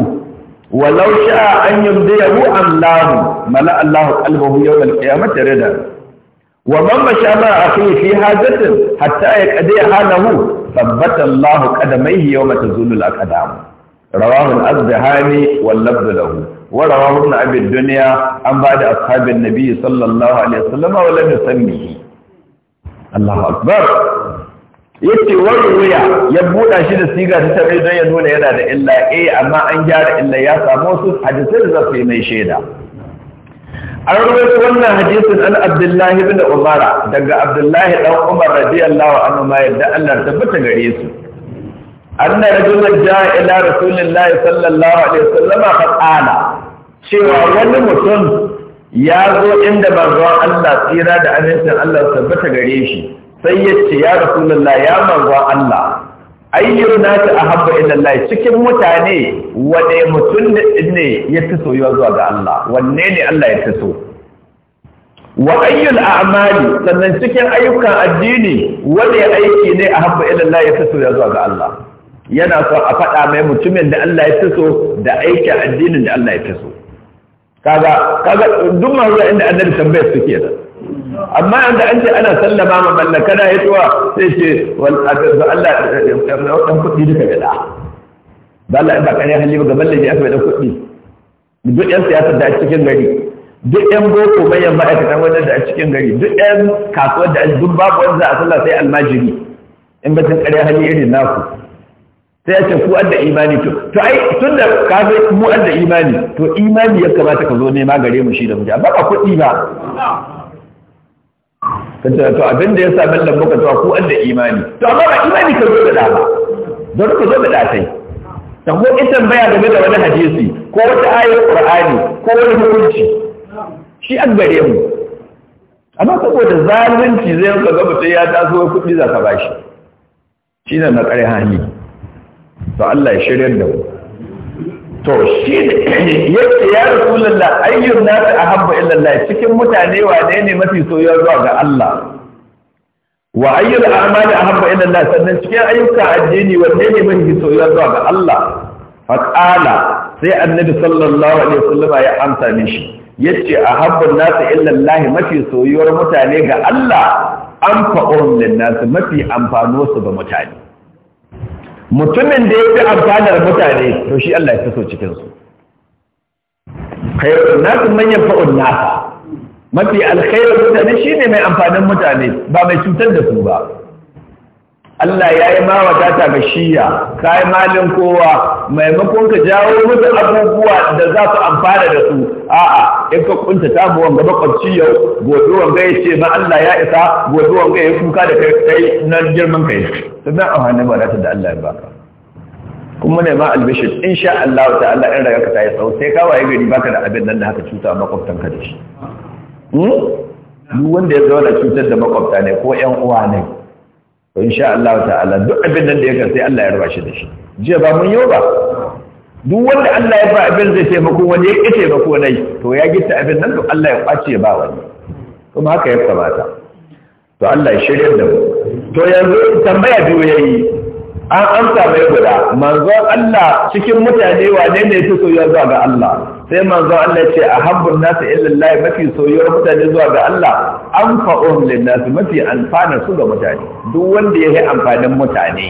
walau sha'a an yumdiyahu Allah mala Allah qalbahu yawm al-qiyamati rida wa man masha akhi fi hajatin hatta yaqdi halahu thabbata Allah qadamayhi yawma tazulu al-aqdam rawahu al-azhani wal lafz lahu wa rawahu ibn abi dunya an ba'da ashabin nabiy sallallahu alaihi wasallam wa lam yusammihi Allahu akbar wani wuya ya buɗa shi da siga ta tabi don ya nuna yana da illa eh amma an gyara illa ya samu su hadisin da sai mai shaida an rawaito wannan hadisin an Abdullahi bin Umar daga Abdullahi dan Umar radiyallahu anhu ma yadda Allah tabbata gare su anna rajulan jaa ila rasulillahi sallallahu alaihi wasallam fa qala cewa wani mutum ya zo inda manzon Allah tsira da amincin Allah tabbata gare shi sai ya ce ya rasulullah ya manzon Allah ayyun ta ahabba ila Allah cikin mutane wane mutum ne ya fi soyuwa zuwa ga Allah wanne ne Allah ya fi so wa ayyul a'mali sannan cikin ayyukan addini wane aiki ne ahabba ila Allah ya fi soyuwa zuwa ga Allah yana so a faɗa mai mutumin da Allah ya fi so da aikin addinin da Allah ya fi so kaga kaga duk masu inda annabi tambayar su kenan amma inda an ce ana sallama ma mallaka da yaduwa sai ce wal Allah dan eh, eh, eh, kudi duka ga da da Allah ba kare hali ba ga da ya bai da kudi, duk yan siyasa da a cikin gari duk yan boko manyan ma'aikatan wanda da a cikin gari duk yan kasuwar da duk babu wanda za a sallah sai almajiri in batun kare hali irin naku sai ya ku adda imani to to ai tunda ka ga mu adda imani to imani ya kamata ka zo nema gare mu shi da muje ba ba kuɗi ba kanta to abin da yasa ballan muka to ku adda imani to amma ba imani ka zo da da ba don ka zo da da sai ta ko in tambaya game da wani hadisi ko wata ayar qur'ani ko wani hukunci shi an gare mu amma saboda zalunci zai ka ga mutai ya taso kuɗi za ka bashi shi ne na ƙarfi hali to Allah ya shirya da mu to shi ne yadda ya rasulullah ayyun nasu ahabba illallah cikin mutane wane ne mafi soyuwa zuwa ga Allah wa ayyul a'mali ahabba illallah sannan cikin ayyuka addini wanne ne mafi soyuwa zuwa ga Allah fa qala sai annabi sallallahu alaihi wasallam ya amsa mishi yace ahabbun nasu illallah mafi soyuwar mutane ga Allah an fa'urun lin nasu mafi su ga mutane mutumin da ya fi amfanar mutane to shi Allah ya fi so cikinsu khairun nasu manyan fa'un nasa mafi alkhairu mutane shi ne mai amfanin mutane ba mai cutar da su ba Allah ya yi ma wadata ga shiya ka yi malin kowa maimakon ka jawo musu abubuwa da za su amfana da su a'a in ka kunta mu wanga makwabci yau gobe wanga ya ce ma Allah ya isa gobe wanga ya kuka da kai kai na girman kai sannan a hannun ta da Allah ya baka kuma ne ma albishir insha Allah Allah in raga ka ta yi tsawo sai ka waye gari baka da abin nan da haka cuta ka da shi hmm? duk wanda ya da cutar da makwabta ne ko ƴan uwa ne to sha Allah ta'ala duk abin nan da yake sai Allah ya raba shi da shi jiya ba mun yau ba duk wanda Allah ya ba abin zai taimako wani ya ko wani to ya gita abin nan to Allah ya kwace ba wani kuma haka ya kamata to Allah ya shirya da mu to yanzu tambaya biyu yayi an amsa mai guda manzo Allah cikin mutane wane ne yake so ya zuwa ga Allah sai manzo Allah ya ce a habbun nasu illallahi mafi soyuwar mutane zuwa ga Allah an fa'on linnasu mafi amfanar su ga mutane duk wanda ya yi amfanin mutane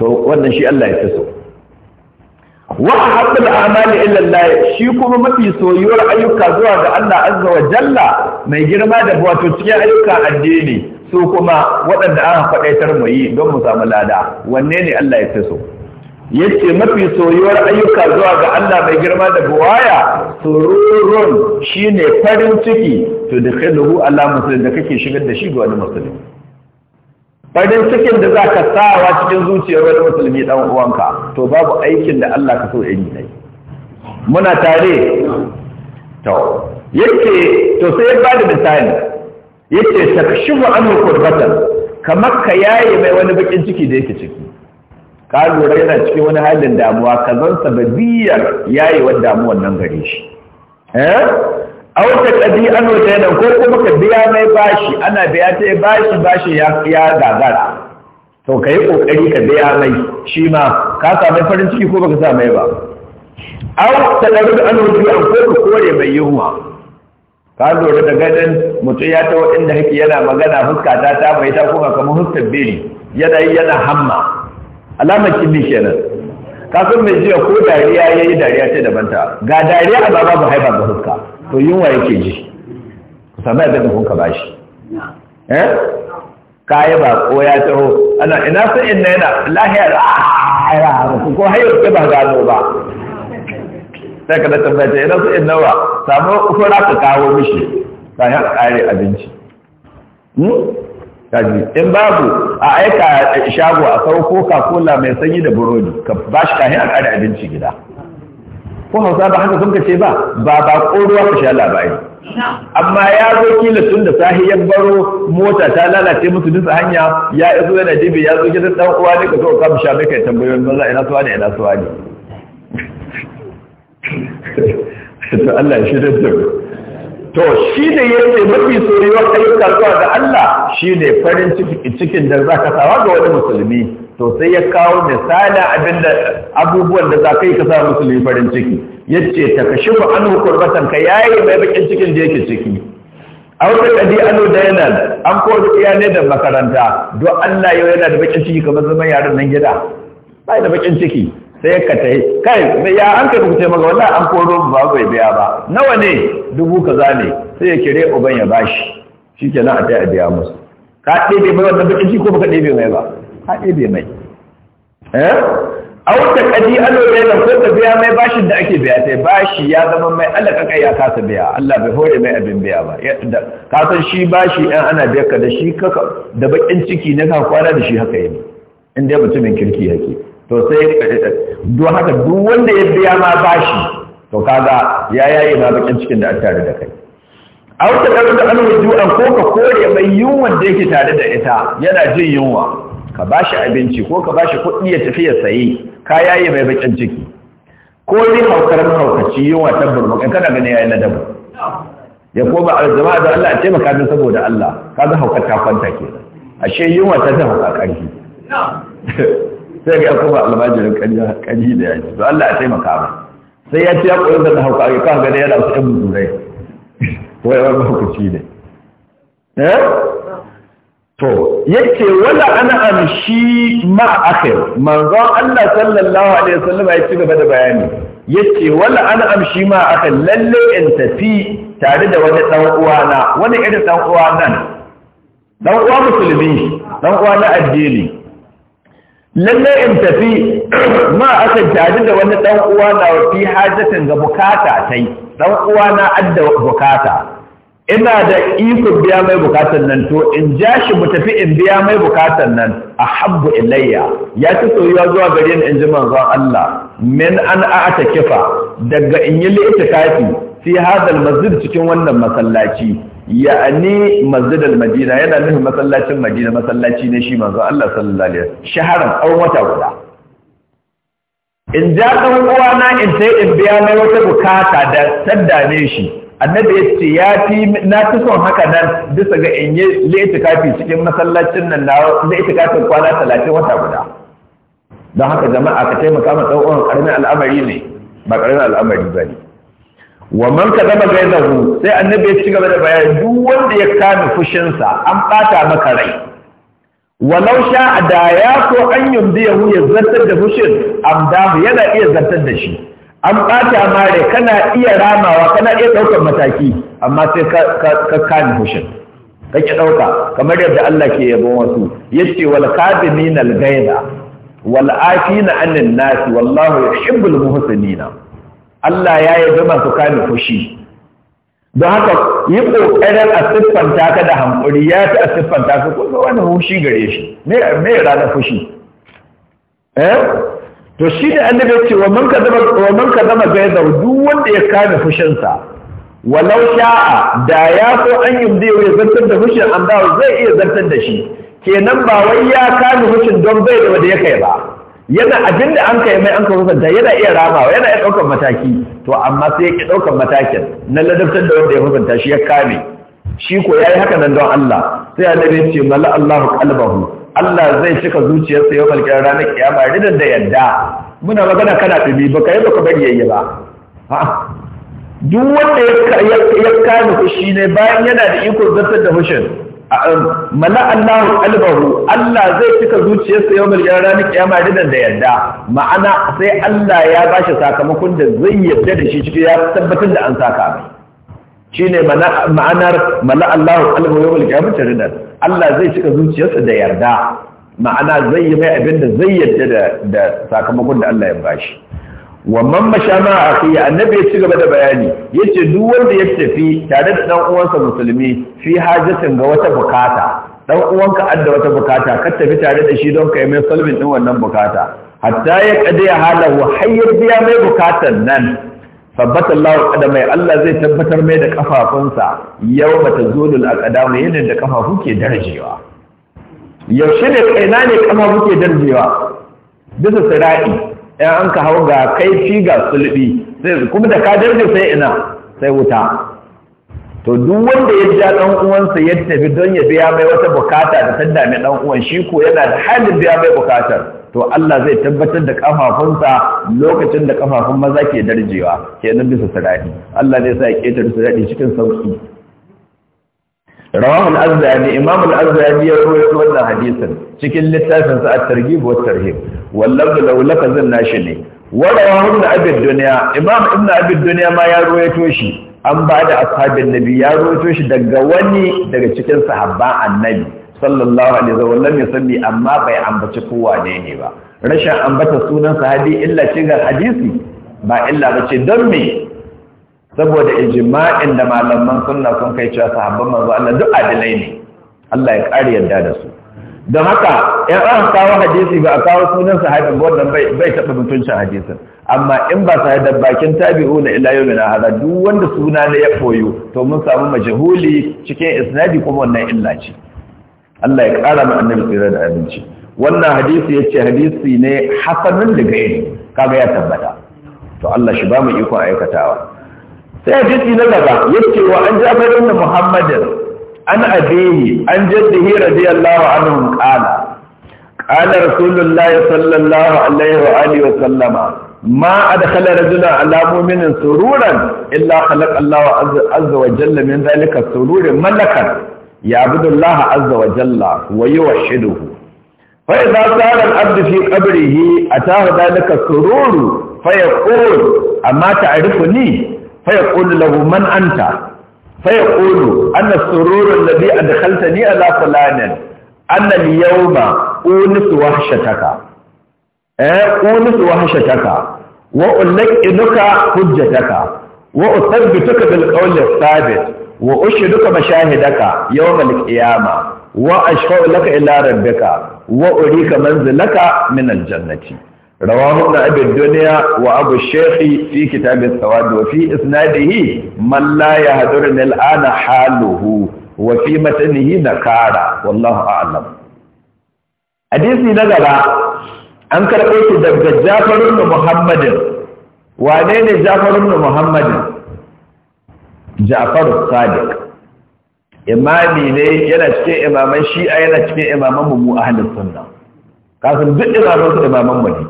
to wannan shi Allah ya fi so wa habbul amali illallahi shi kuma mafi soyuwar ayyuka zuwa ga Allah azza wa jalla mai girma da wato cikin ayyuka addini su kuma waɗanda aka faɗaitar mu yi don mu samu lada wanne ne Allah ya fi so yace mafi soyuwar ayyuka zuwa ga Allah mai girma da buwaya sururun shine farin ciki to da khairuhu Allah musulmi da kake shigar da shi ga wani musulmi farin cikin da zaka sawa cikin zuciyar wani musulmi dan uwanka to babu aikin da Allah ka so yi dai muna tare to yace to sai ba da misali yace takshifu anhu qurbatan kamar ka yaye mai wani bakin ciki da yake ciki ka lura yana cikin wani halin damuwa ka zan sababiyar wani damuwan nan gare shi eh auta kadi an wata yana ko kuma ka biya mai bashi ana biya ta bashi bashi ya ya To to kai kokari ka biya mai shi ma ka samu farin ciki ko baka samu ba au ta da an wata an ko ka kore mai yunwa ka lura da gadon mutum ya ta waɗanda hake yana magana huska ta ta mai ta kuma kamar huskar biri yana yana hamma alamar kidney kenan kafin mai jiya ko dariya ya yi dariya ce daban ta ga dariya a baba ba haifa ga huska to yunwa yake ji ku sami abin da kuka ba shi eh kaya ba ko ya taho ana ina sun in na yana lahiyar a ko hayo ke ba gano ba sai ka da tabbata ina sun in nawa samu ufura ka kawo mishi bayan a kare abinci hmm? kaji in babu a aika shago a sau coca cola mai sanyi da burodi ka ba shi kahin a ƙara abinci gida ko hausa ba haka sun kace ba ba ba ruwa ka sha labari amma ya zo kila tun da sahiyar baro mota ta lalace musu dusa hanya ya iso yana dibi ya zo gidan dan uwa ne ka zo ka sha mai kai tambayoyin maza, ina suwa ne ina suwa ne Allah ya shirya da to shi ne ya ce mafi soyuwar ayyuka zuwa ga Allah shi ne farin cikin da za ka sawa ga wani musulmi to sai ya kawo misali abin da abubuwan da za ka yi ka sa musulmi farin ciki ya ce ta kashi ku an hukurbatan ka yayi mai bakin cikin da yake ciki a wata ɗadi ano da an kowace iya ne da makaranta don Allah yau yana da bakin ciki kamar zama yaren nan gida ba da bakin ciki sai ka yi kai mai ya an ka rubuce maka wallahi an koro ba bai biya ba nawa ne dubu kaza ne sai ya kire uban ya bashi shikenan a tayi a biya musu ka ɗebe mai wannan bakin shi ko baka ɗebe mai ba ka ɗebe mai eh aw ta kadi alo da ko ka biya mai bashin da ake biya sai bashi ya zama mai Allah ka kai ya kasa biya Allah bai hore mai abin biya ba ka san shi bashi ɗan ana biya ka da shi kaka da bakin ciki na ka kwara da shi haka yi in dai mutumin kirki yake to sai duk haka duk wanda ya biya ma bashi to kaga ya yayi ma bakin cikin da an tare da kai a wata ɗarin da an wuju an ko ka kore mai yunwa da yake tare da ita yana jin yunwa ka bashi abinci ko ka bashi kuɗi ya tafi ya sayi ka yayi mai bakin ciki ko ni haukar haukaci yunwa ta burbukan kana gani yayin na dabu ya koma arzama da Allah a taimaka min saboda Allah kaga haukar ta kwanta ke. ashe yunwa ta ta hauka ƙarfi sai ga kuma almajirin kaji da yaki to Allah ya taimaka ba sai ya ce ya koyar da hauka ya kawo gane yana wasu ɗan zurai wai wani hukunci ne eh? to yace wala ana amshi ma akhir manzon Allah sallallahu alaihi wasallam ya ci gaba da bayani yace wala ana amshi ma akhir lalle in tafi tare da wani ɗan uwana wani irin ɗan uwa nan ɗan uwa musulmi ɗan uwa na addini lalle in tafi ma a kan tare da wani dan uwa na fi hajjatin ga bukata tai dan uwa na adda bukata ina da iko biya mai bukatan nan to in ja shi mu tafi in biya mai bukatan nan a habbu ilayya ya ci soyuwa zuwa gare ni in ji manzon Allah min an a'ata kifa daga in yi li'tikafi fi hadal masjid cikin wannan masallaci ya'ani masjid al-madina yana nufin masallacin madina masallaci ne shi manzo Allah sallallahu alaihi wasallam shaharan aw wata guda in ja da uwa na in sai in biya na wata bukata da saddame shi annabi ya ce ya fi na fi son haka nan bisa ga in yi laitikafi cikin masallacin nan na kafin kwana talatin wata guda don haka jama'a ka taimaka ma tsawon karamin al'amari ne ba ƙaramin al'amari ba ne wa man kadaba gaidahu sai annabi ya ci gaba da bayani duk wanda ya kame fushinsa an bata maka rai walau sha da ya so an yumdiyahu ya zartar da fushin amdahu yana iya zartar da shi an bata ma rai kana iya ramawa kana iya daukar mataki amma sai ka kame fushin kake dauka kamar yadda Allah ke yabon wasu yace wal kadimin al gaida wal afina anin nas wallahu yuhibbul muhsinina Allah ya yi zama su kame fushi don haka yi ƙoƙarin a siffanta ka da hankuri ya fi a siffanta ka kuma wani fushi gare shi me ranar fushi eh to shi da an ce wa man zama zai zau duk wanda ya kame fushinsa walau sha'a da ya so an yi zai ya zartar da fushin an dawo zai iya zartar da shi kenan ba wai ya kame fushin don bai da wanda ya kai ba yana abin da an kai mai an kawo santa yana iya ramawa yana iya ɗaukar mataki to amma sai ya ɗaukar matakin na ladabtar da wanda ya hukunta shi ya kame shi ko yayi haka nan don Allah sai annabi ya ce mala Allahu qalbahu Allah zai cika zuciyarsa yau kalkiyar ranar kiyama ridan da yadda muna magana kana dubi baka yi ba bari yayi ba duk wanda ya kame shi ne bayan yana da iko zartar da hushin. mala Allahu qalbahu Allah zai cika zuciyarsa yara ranar kiyama dinan da yadda ma'ana sai Allah ya bashi sakamakon da zai yadda da shi cikin ya tabbatar da an saka mai shine ma'anar mala Allahu qalbahu yawmal qiyamati dinan Allah zai cika zuciyarsa da yarda ma'ana zai yi mai abin da zai yadda da sakamakon da Allah ya bashi wannan mashama a annabi ya ci gaba da bayani yace duk wanda ya tafi tare da dan uwansa musulmi fi hajjatin ga wata bukata dan uwanka adda wata bukata ka tafi tare da shi don ka yi mai sulmin din wannan bukata hatta ya hala halahu hayyar biya mai bukatan nan tabbata Allah mai Allah zai tabbatar mai da kafafunsa yau mata zulul aqdam yanayin da kafafu ke darajewa yaushe ne kaina ne kafafu ke darajewa bisa sirai ya an ka hau ga kaifi ga sulbi kuma da ka darje sai ina sai wuta to duk wanda ya ja dan uwansa ya tafi don ya biya mai wata bukata da ta mai dan uwan shi ko yana da halin biya mai bukatar to Allah zai tabbatar da kafafunsa lokacin da kafafun maza ke darjewa kenan bisa sarari Allah zai sa ya ketare sarari cikin sauki rawahu al-azzani imam al-azzani ya rawaito wannan hadisin cikin littafin sa at-targhib wa at-tarhib wallahu law lafazan nashi ne wa rawahu ibn Abid dunya imam ibn abi dunya ma ya rawaito shi an ba da ashabin nabi ya roto shi daga wani daga cikin sahabban annabi sallallahu alaihi wa sallam ya sani amma bai ambaci kowa ne ne ba rashin ambata sunan sahabi illa ce ga hadisi ba illa ba ce don me saboda ijma'in da malaman sunna sun kai cewa sahabban manzo Allah duk adalai ne Allah ya ƙara yarda da su Da haka in an kawo hadisi ba a kawo sunan ba wannan bai taɓa mutuncin hadisin amma in ba sa da bakin tabi'u na ila yau hada duk wanda suna ne ya koyo to mun samu majahuli cikin isnadi kuma wannan illa ce Allah ya kara mu annabi tsira da abinci wannan hadisi ya ce hadisi ne hasanun da gairi kaga ya tabbata to Allah shi ba mu ikon aikatawa sai hadisi na gaba yace wa an ja ibn muhammadin an abihi an jaddihi radiyallahu anhu qala qala rasulullahi sallallahu alaihi wa alihi wa sallama ma adkhala rajulan ala mu'minin sururan illa khalaqa Allahu azza wa jalla min dhalika sururi malakan ya'budu Allah azza wa jalla wa yuwahhiduhu fa idza sara al-abdu fi qabrihi atahu dhalika sururu fa yaqul amma ta'rifuni fa yaqul lahu man anta فيقول أن السرور الذي أدخلتني على فلان أن اليوم أونس وحشتك أونس وحشتك وألئنك حجتك وأثبتك بالقول الثابت وأشهدك مشاهدك يوم القيامة وأشفع لك إلى ربك وأريك منزلك من الجنة رواه ابن أبي الدنيا وأبو الشيخ في كتاب السواد وفي إسناده من لا يهدرني الآن حاله وفي متنه نكارا والله أعلم حديثي نقرأ أن كرأيت دب جعفر بن محمد وأنين جعفر بن محمد جعفر الصادق imami ne yana cikin imaman shi'a yana cikin imaman mu ahlus sunna kafin duk imaman su imaman mu ne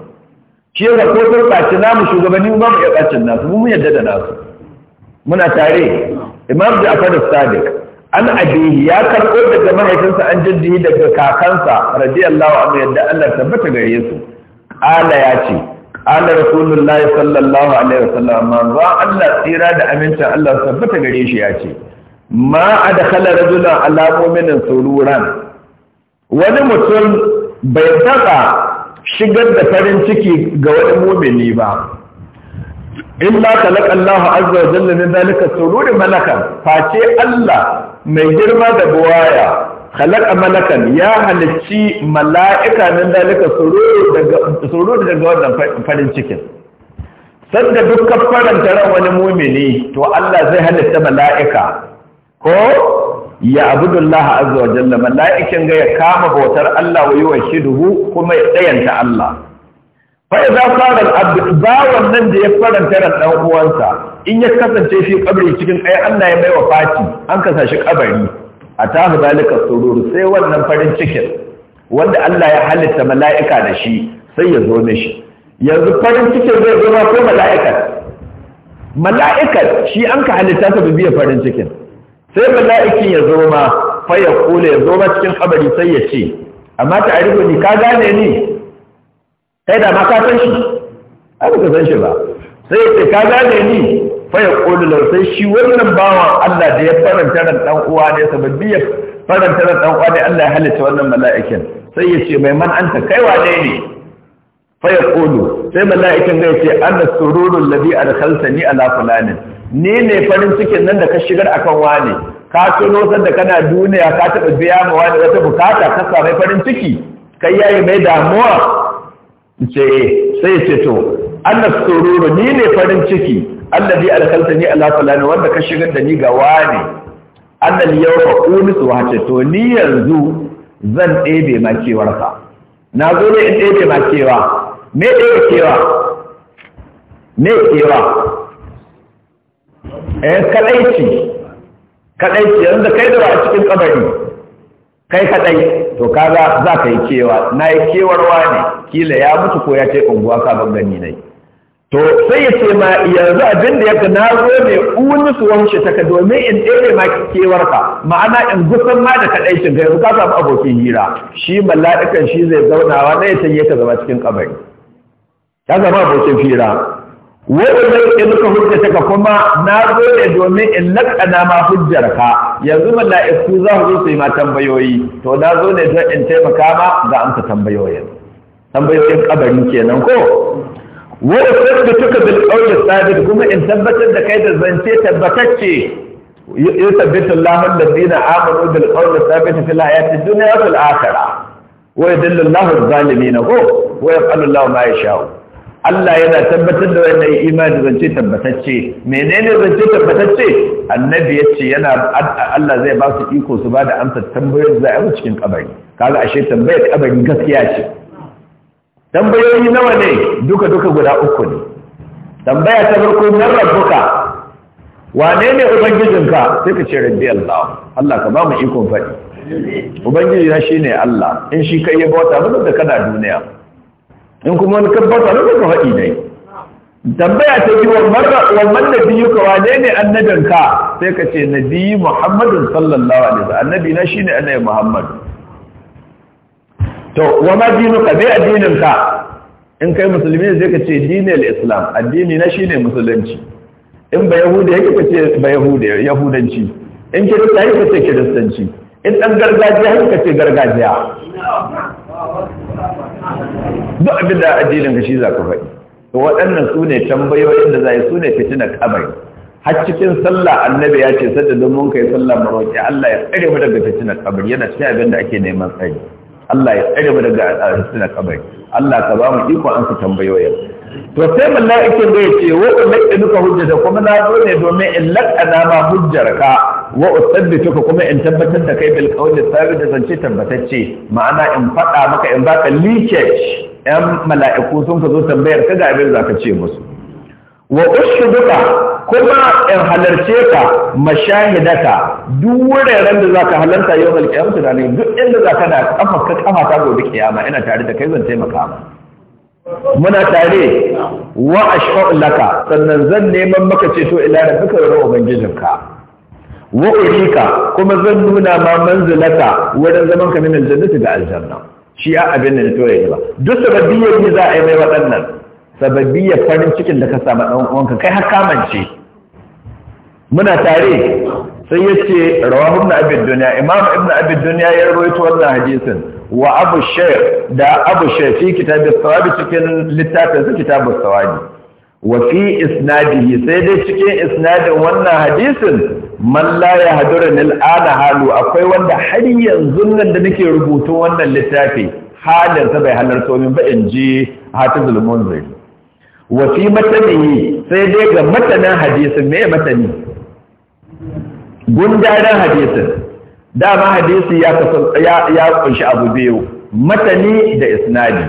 shi da ko ɓaci namu shugabanni ba mu iya ɓacin nasu mun yadda da nasu muna tare imam da sadiq an abihi ya karɓo daga mahaifinsa an jiddihi daga kakansa radiyallahu anhu yadda Allah tabbata gare su ala ya ce ala rasulullahi sallallahu alaihi wasallam manzo Allah tsira da amincin Allah tabbata gare shi ya ce ma adkhala rajulan ala mu'minin sururan wani mutum bai saka shigar da farin ciki ga wani mumini ba illa talaka Allah azza wa jalla min zalika sururi malakan face Allah mai girma da buwaya khalaqa malakan ya halicci mala'ika min zalika sururi daga sururi daga wannan farin cikin sanda dukkan faranta ran wani mumini to Allah zai halitta mala'ika ko ya abudullaha azza wa jalla mala'ikin ga ya kama bautar Allah wa yuwa shiduhu kuma ya tsayanta Allah fa idza sara al-abd bawan nan da ya faranta ran dan uwansa in ya kasance shi kabri cikin ai Allah ya baiwa fati an kasa shi kabari ta halika sururu sai wannan farin cikin wanda Allah ya halitta mala'ika da shi sai ya zo mishi yanzu farin cikin zai zama ko mala'ika mala'ika shi an ka halitta sa bibiya farin cikin sai mala'ikin ya zo ma fa ya kula ya zo ma cikin kabari sai ya ce amma ta arigo ni ka gane ni kai da ma ka san shi ai ba ka san shi ba sai ya ce ka gane ni fa ya kula lau sai shi wannan bawan Allah da ya faranta ran dan uwa ne sababbi ya faranta ran dan uwa ne Allah ya halitta wannan mala'ikin sai ya ce mai man anta kai wane ne ya ƙolo sai mala'ikin zai ce an da sururun labi a da kalsani ala fulanin ni ne farin cikin nan da ka shigar a kan wane ka tuno san da kana duniya ka taɓa biya ma wani wata bukata ka samu farin ciki kai yayi mai damuwa ce eh, sai ce to annas sururu ni ne farin ciki alladhi alkaltani ala fulani wanda ka shigar da ni ga wani annal yawma qultu su wace to ni yanzu zan ɗebe ma ka. na zo ne in ɗebe ma kewa me ɗebe kewa me kewa eh kadaici kadaici yanzu kai da a cikin kabari kai kadai to kaga za ka yi kewa na yi kewarwa ne kila ya mutu ko ya ce unguwa ka ban gani ne to sai ya ce ma yanzu abin da yaka na zo ne su wance taka domin in ɗere ma kewar ka ma'ana in gusan ma da kadai shi yanzu ka samu abokin hira shi mala'ikan shi zai zaunawa na ya ka zama cikin kabari ka zama abokin hira wa'uzai hujjata ka kuma na zo ne domin in lakana ma hujjarka yanzu mala'iku za su zo su yi ma tambayoyi to na zo ne don in taimaka ma ga amsa tambayoyin tambayoyin kabari kenan ko wa usabbituka bil qawli sabit kuma in tabbatar da kai da zance tabbatacce yusabbitu Allahu alladhina amanu bil qawli sabit fil hayatid dunya wa fil akhirah wa yudillu Allahu na ko wa yaf'alu Allahu ma yasha'u Allah yana tabbatar da wannan imani zance tabbatacce menene zance tabbatacce annabi yace yana Allah zai ba su iko su ba da amsa tambayoyin za a yi cikin kabari kaga ashe tambayar kabari gaskiya ce tambayoyi nawa ne duka duka guda uku ne tambaya ta farko na rabbuka wane ne ubangijinka sai ka ce rabbi Allah Allah ka ba mu iko faɗi ubangiji na shine Allah in shi kai ya bauta mu da kana duniya in kuma wani kabbata ne ka faɗi ne tambaya ta biyu wannan da biyu ka wane ne annabinka? sai ka ce na biyu muhammadin sallallahu alaihi wasallam annabi na shine annabi muhammad to wa ma dinu ka bai addinin ka in kai musulmi zai ka ce dinil islam addini na shine musulunci in ba yahuda yake ka ce ba yahuda yahudanci in kirista yake ka ce kiristanci in dan gargajiya yake ka ce gargajiya duk abin da addinin ka shi za ka faɗi waɗannan su ne tambayoyin da za yi su ne fitinar kabari har cikin sallah annabi ya ce sadda don mun kai sallah maroƙi Allah ya tsare mu daga fitinar kabari yana cikin abin da ake neman tsari Allah ya tsare mu daga fitinar kabari Allah ka ba mu iko an su tambayoyin to sai mala'ikin da yace wa ulaka hujjata kuma na zo ne domin in lakana ma hujjarka wa usabbituka kuma in tabbatar da kai bil qawli sabit da zance tabbatacce ma'ana in faɗa maka in baka leakage yan mala'iku sun ka zo tambayar ka ga abin zaka ce musu wa ushuduka kuma in halarce ka mashahidaka duk wuraren da zaka halarta yau alkiyamata da ne duk inda zaka da kafa ka kafa ta gobe kiyama ina tare da kai zan taimaka maka muna tare wa ashfa'u laka sannan zan neman maka ceto ila rabbika wa ubangijinka wa ka kuma zan nuna ma manzilaka wurin zaman ka min aljannati da aljanna shi ya abin da to yayi ba duk sababbiyar ne za a yi mai waɗannan ya farin cikin da ka samu ɗan uwanka kai har kamance muna tare sai yace rawahu ibn abin duniya, imam ibn abi ya rawaito wannan hadisin wa abu da abu shaykh fi kitab sawabi cikin littafin su sawabi wa fi sai dai cikin isnadin wannan hadisin man la yahdurun al-ana halu akwai wanda har yanzu nan da nake rubutu wannan littafi halin sa bai halarta min ba in ji hatizul munzir wa fi matanihi sai dai ga matanin hadisin me matani gundarin hadisin dama hadisi ya ya ya kunshi abu biyu matani da isnadi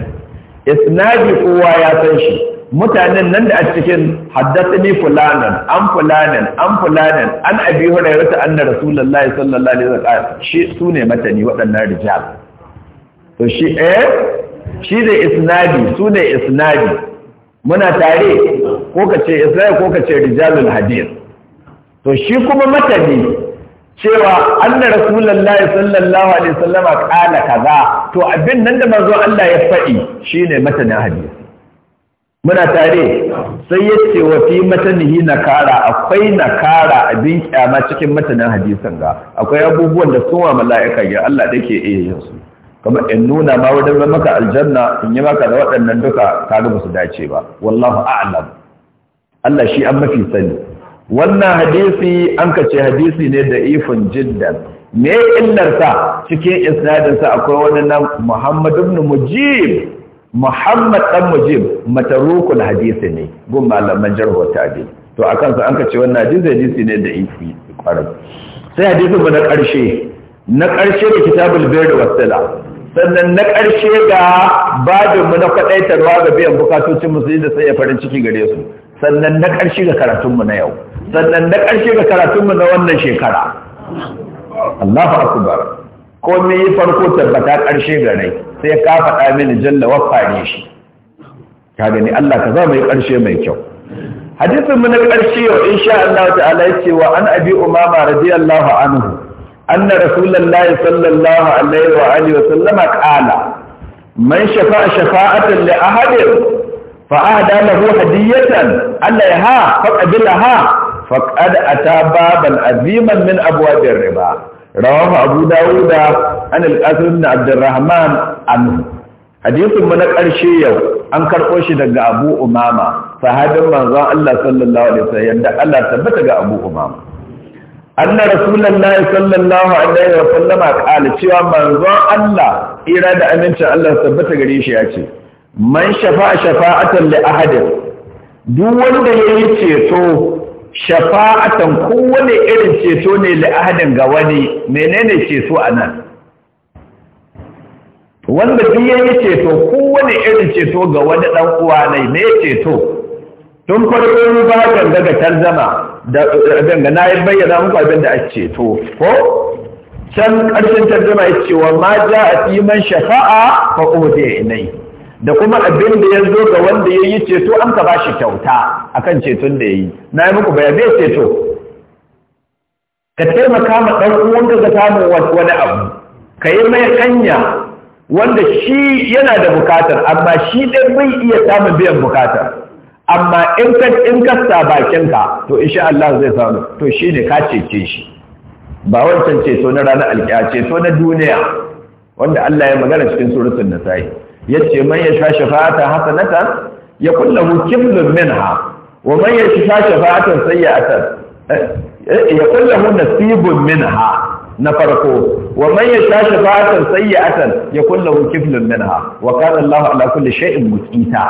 isnadi kowa ya san shi mutanen nan da a cikin haddathani fulanan an fulanan an fulanan an abi hurairata anna rasulullahi sallallahu alaihi wasallam shi sune matani waɗannan rijal to shi eh shi da isnadi sune isnadi muna tare ko kace isnadi ko kace rijalul hadith to shi kuma matani cewa anna rasulullahi sallallahu alaihi sallama kana kaza to abin nan da manzo Allah ya faɗi shine matanin hadisi muna tare sai ya ce wa fi matanihi nakara akwai nakara abin kiyama cikin matanin hadisan ga akwai abubuwan da sun mala'ika ga Allah dake iya yin su kamar in nuna ma wajen maka aljanna in yi maka da waɗannan duka ka ga su dace ba wallahu a'lam Allah shi an mafi sani wannan hadisi an ce hadisi ne da ifin jiddan me illarsa cikin isnadinsa akwai wani nan Muhammad ibn Mujib Muhammad dan Mujib matarukul hadisi ne gun malaman jarh wa to akan sa an ce wannan hadisi hadisi ne da ifi ƙwarar. sai hadisin ba na karshe na karshe da kitabul birr wa sala sannan na karshe ga babin mu na kwadaitarwa ga biyan bukatocin musulmi da sai ya farin ciki gare su sannan na ƙarshe ga karatunmu na yau sannan na ƙarshe ga karatunmu na wannan shekara Allahu akbar ko me yi farko tabbata ƙarshe ga rai sai ka faɗa mini jalla wafare shi ka gani Allah ka za mu yi ƙarshe mai kyau hadisin mu na ƙarshe yau insha Allah ta'ala yace wa an abi umama radiyallahu anhu anna rasulullahi sallallahu alaihi wa alihi wa sallama qala man shafa'a shafa'atan li ahadin fa'ada lahu hadiyatan alaiha faqabilaha faqad ata baban aziman min abwabir riba rawahu abu dawud an al-qasim ibn abdurrahman anhu hadisin mu na ƙarshe yau an karɓo shi daga abu umama sahabin manzon Allah sallallahu alaihi wasallam da Allah tabbata ga abu umama anna rasulullahi sallallahu alaihi wasallam qala cewa manzon Allah ira da amincin Allah tabbata gare shi ya ce man shafa shafa'atan li ahadin duk wanda yi ceto shafa'atan kowane irin ceto ne li ahadin ga wani menene ceto anan wanda duk yayi ceto kowane irin ceto ga wani dan uwa ne me ceto tun farko ni ba ganga ga tarzama da ganga na yi bayyana muku abin da a ceto ko can ƙarshen tarzama ya ce wa ma ja a man shafa'a fa ode inai da kuma abin da ya zo ga wanda ya yi ceto an ka ba shi kyauta a kan ceton da ya yi na yi muku bayan zai ceto ka taimaka ma ɗan ka ga samun wani abu ka yi mai hanya wanda shi yana da bukatar amma shi ɗan bai iya samun biyan bukatar amma in ka in bakinka to insha Allah zai samu to shi ne ka cece shi ba wancan ceto na ranar alƙiya ceto na duniya wanda Allah ya magana cikin suratul nisa'i yace man sha shafa'atan hasanatan ya lahu kiflun minha wa man yasha shafa'atan sayyi'atan eh, yakul lahu nasibun minha na farko wa man sha shafa'atan sayyi'atan ya lahu kiflun minha wa kana Allahu ala kulli shay'in muqita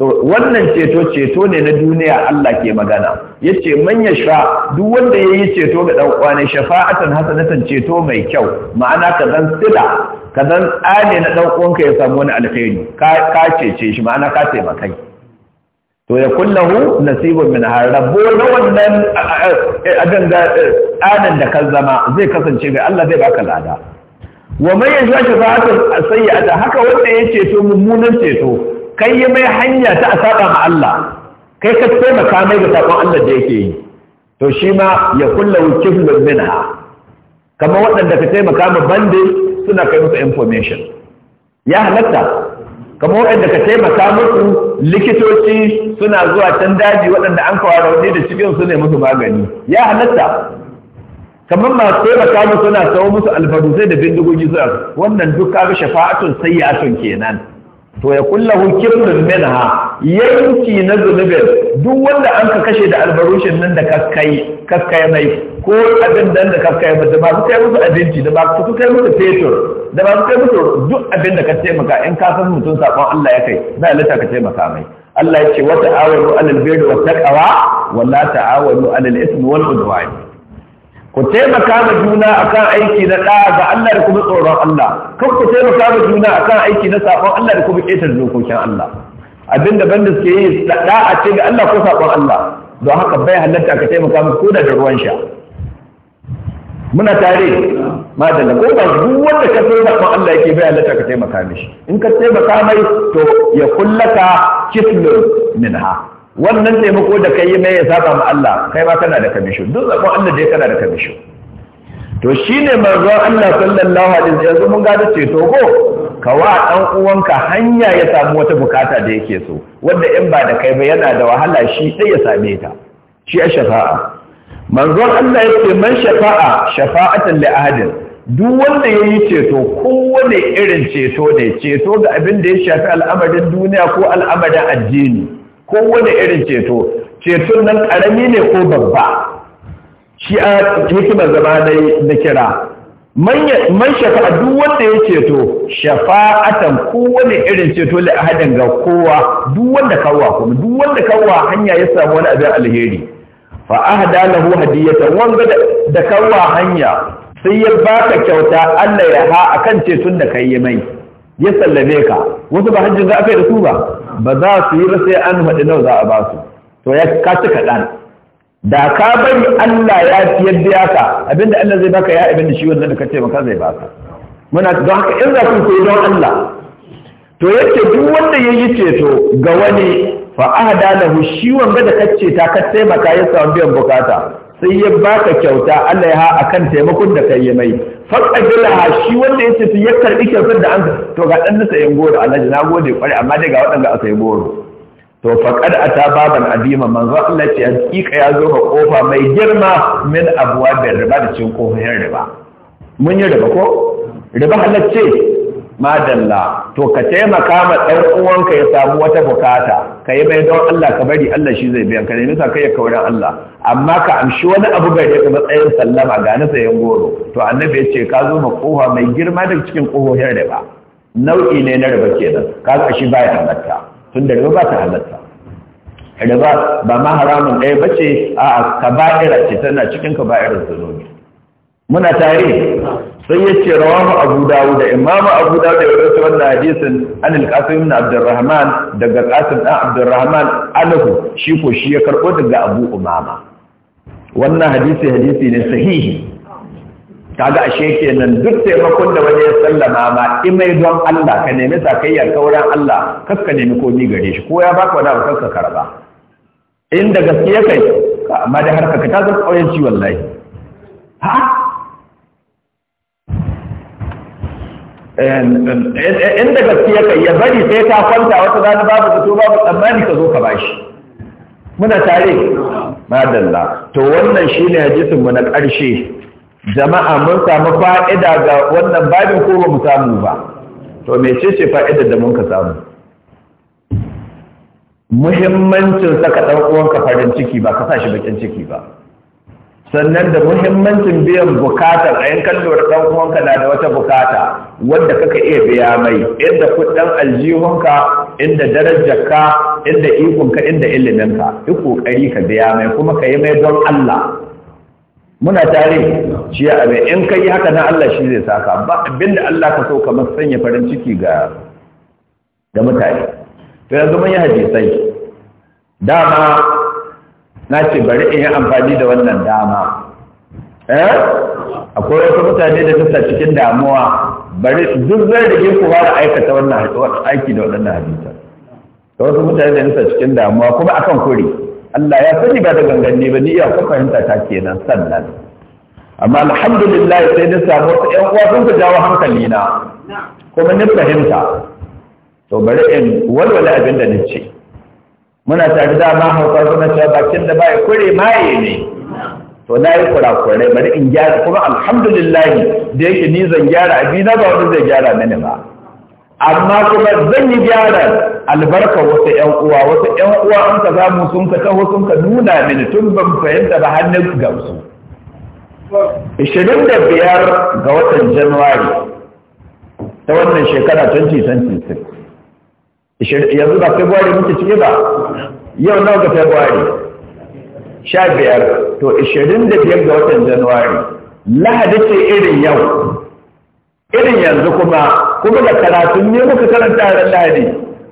to wannan ceto ceto ne na duniya Allah ke magana yace man sha duk wanda yayi ceto ga dan uwa ne shafa'atan hasanatan ceto mai kyau ma'ana ka zan sila ka zan tsane na ɗaukonka ya samu wani alheri. ka cece shi ma'ana ka taimakai to ya kullahu nasibin min har rabo na wannan abin da tsanin da kan zama zai kasance ga Allah zai baka lada wa mai ya shi za ta sayyata haka wanda ya ceto mummunan ceto kai yi mai hanya ta asaba ma Allah kai ka taimaka mai da sakon Allah da yake yi to shi ma ya kullahu kiflun minha kamar waɗanda ka taimaka ma bandi suna kai musu information ya halatta kamar waɗanda ka taimaka musu likitoci suna zuwa can daji waɗanda an kawo rauni da cikin su ne musu magani ya halatta kamar masu taimaka musu suna sawo musu alfarusai da bindigogi zuwa. wannan duk kaga shafa'atun sayyatun kenan to ya kullahu kirrun minha yanki na zunubin duk wanda an ka kashe da albarushin nan da kakkai kakkai mai ko abin da da ka kai musu ba su kai musu abinci da ba su kai musu fetur da ba su kai musu duk abin da ka taimaka in ka san mutum sakon Allah ya kai za a lita ka taimaka mai Allah ya ce wa ta'awanu 'alal birri wa taqwa wa la ta'awanu 'alal ithmi wal udwan ku taimaka ma juna akan aiki na da'a ga Allah da kuma tsoron Allah kan ku taimaka ma juna akan aiki na sakon Allah da kuma ƙetar dokokin Allah abinda banda suke yi da'a ce ga Allah ko sakon Allah don haka bai halatta ka taimaka musu ko da ruwan sha muna tare madalla ko ba duk wanda ka sai ko Allah yake bai Allah ka taimaka mishi in ka taimaka mai to ya kullaka kislun minha wannan taimako da kai mai ya saba ma Allah kai ma kana da kamisho. duk zakon Allah dai kana da kamisho. to shine manzo Allah sallallahu alaihi wasallam yanzu mun ga ce ceto ko ka wa dan uwanka hanya ya samu wata bukata da yake so wanda in ba da kai ba yana da wahala shi dai ya same ta shi a shafa'a manzon Allah yake man shafa'a shafa'atan li ahadin duk wanda ya yi ceto kowane irin ceto ne ceto ga abin da ya shafi al'amarin duniya ko al'amarin addini kowane irin ceto ceton nan ƙarami ne ko babba shi a hikimar zama na kira man shafa'a duk wanda ya ceto shafa'atan kowane irin ceto li ahadin ga kowa duk wanda kawwa kuma duk wanda kawwa hanya ya samu wani abin alheri fa ahda lahu hadiyatan gada da kawwa hanya sai ya baka kyauta Allah ya ha akan ce tun da kai mai ya sallame ka wasu ba hajjin za a kai da su ba ba za su yi ba sai an faɗi nawa za a ba su to ya ka ci kaɗan da ka bari Allah ya yadda ya ka abinda Allah zai baka ya abinda shi wannan da ka ce maka zai baka muna da haka in za ku koyi don Allah to yake duk wanda ya yi ceto ga wani fa ahda lahu shi wanda da kace ta ka taimaka ya samu biyan bukata sai ya baka kyauta Allah ya ha akan taimakon da kai mai faqadilaha shi wanda yace to ya karbi kyautar da an to ga dan nasa yan goro Allah na gode kware amma dai ga waɗanda aka yi goro to faqad ata baban adima manzo Allah ya hakika ya zo ga kofa mai girma min abwabir riba da cikin kofar riba mun yi riba ko riba halacce madalla to ka taimaka ma ɗan uwanka ya samu wata bukata ka yi mai don Allah ka bari Allah shi zai biyan ka ne nisa kai ya wurin Allah amma ka amshi wani abu gare ka matsayin sallama ga na sayan goro to annabi ya ce ka zo ma kowa mai girma daga cikin kohohin riba nau'i ne na riba kenan ka ga shi baya halatta tun da riba ba ta halatta riba ba ma haramun ɗaya bace a'a kaba'ira ce tana cikin kaba'irar zunubi muna tare sai ya ce rawahu abu dawud da imamu abu dawud da rawaito wannan hadisin an al na abdurrahman daga qasim ɗan abdurrahman alahu shi ko shi ya karbo daga abu umama wannan hadisi hadisi ne sahihi kaga ashe nan duk taimakon da wani ya sallama ma imai don Allah ka nemi sakayya kauran Allah kaska nemi komi gare shi ko ya baka wani abu kaska karba in da gaskiya kai amma da harka ka ta kauyen ciwon layi ha inda gaskiya kai ya bari sai ka kwanta wata rana babu zato babu tsammani ka zo ka bashi muna tare madalla to wannan shine hadisin mu na ƙarshe jama'a mun samu fa'ida ga wannan babin ko ba mu samu ba to mecece fa'ida da mun ka samu muhimmancin saka dan uwanka farin ciki ba ka sa shi bakin ciki ba sannan da muhimmancin biyan bukatar a yankan lura ɗan uwanka na da wata bukata wanda kaka iya biya mai inda kudin aljihunka inda darajarka inda ikonka inda iliminka yi ƙoƙari ka biya mai kuma ka yi mai don Allah muna tare shi ya abin in ka yi haka na Allah shi zai saka ba da Allah ka so kamar sanya farin ciki ga da mutane to yanzu mun yi hadisai dama na ce bari in yi amfani da wannan dama eh akwai wasu mutane da suka cikin damuwa bari duk zai da ke kuma fara aikata wannan aiki da waɗannan hadisa da wasu mutane da suka cikin damuwa kuma akan kuri Allah ya sani ba da ganganni ba ni iya ku fahimta ta kenan sannan amma alhamdulillah sai na samu wasu ƴan uwa sun jawo hankali na kuma ni fahimta to bari in walwala abin da ni ce muna tare da ma hausar suna cewa bakin da baya kure maye ne to na yi kurakurai bari in gyara kuma alhamdulillah da yake ni zan gyara abi na ba wani zai gyara mini ba amma kuma zan yi gyara albarka wasu yan uwa wasu yan uwa an ka zamu sun ka taho sun ka nuna mini tun ban fahimta ba hannun gamsu ishirin da biyar ga watan januwari ta wannan shekara 2026 yanzu ba february muke ciki ba yau nawa ga february sha biyar to ishirin da biyar ga watan januwari lahadi ce irin yau irin yanzu kuma kuma da karatun ne muka karanta ran lahadi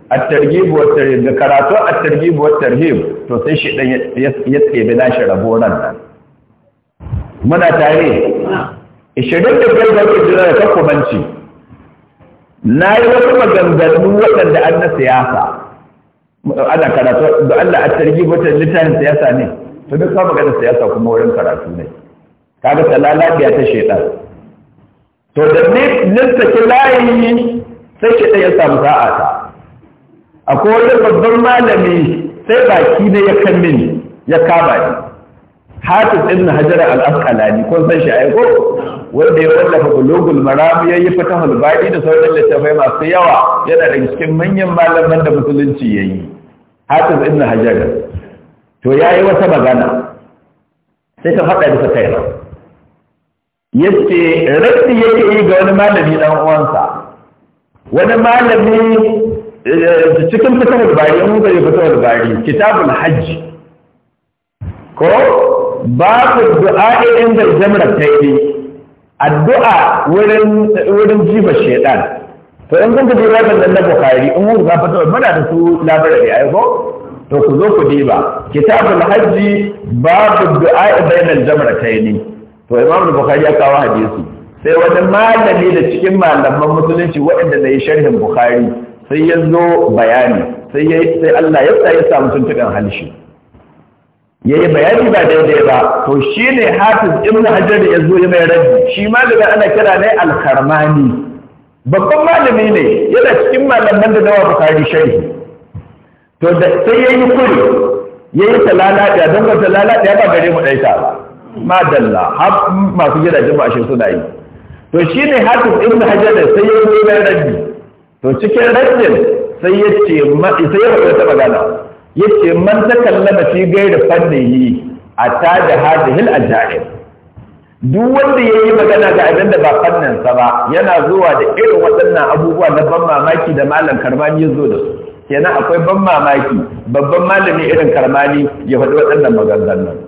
a targhib wa tarhib da karatu a targhib wa tarhib to sai shi dan ya tsebe nashi shi rabo nan nan muna tare 25 ga watan januwari ta kumanci na yi wasu maganganu waɗanda an na siyasa ana karatu da Allah a tarihi wata littafin siyasa ne to duk samu magana siyasa kuma wurin karatu ne kaga talala biya ta shaitan to da ne lissaki layi sai shaitan ya samu sa'a ta akwai wani babban malami sai baki ne ya kan ya kama ni hafiz ibn hajar al-asqalani ko san shi ai wanda ya wallafa bulugul maram ya yi fatahul baqi da sauran littafai masu yawa yana da cikin manyan malaman da musulunci ya yi. hafiz ibn hajar to ya yi wata magana sai ta faɗa bisa kai yace raddi yake yi ga wani malami dan uwansa wani malami eh, cikin fatahul baqi mun ga fatahul baqi kitabul hajji ko babu idan da jamrar ta yi addu'a wurin wurin jiba shedan to in kun kaji da nan na bukhari in kun ga fata mana da su labarin yayi ko to ku zo ku diba kitabul hajji babu du'a'i ta yi to imam bukhari ya kawo hadisi sai wani malami da cikin malaman musulunci waɗanda na yi sharhin bukhari sai ya zo bayani sai Allah ya sa ya samu tuntuɓin halshi ya yi bayani ba daidai ba to shi ne hafiz ibn hajar ya zo ya mai rabbi shi daga ana kira ne alkarmani babban malami ne yana cikin malaman da nawa bukari sharhi to da sai ya yi kuri ya yi talalaɗiya don ba talalaɗiya ba gare mu ɗaita ma dalla har masu gidajen ba suna yi to shi ne hafiz ibn hajar sai ya yi mai rabbi to cikin rabbin sai ya ce sai ya ta magana yace man ta takallama fi gairi fannihi ta da hadhihi a ajaib duk wanda yayi magana ga abinda da ba fannin sa ba yana zuwa da irin waɗannan abubuwa na ban mamaki da malam karmani ya zo da su kenan akwai ban mamaki babban malami irin karmani ya faɗi waɗannan maganganun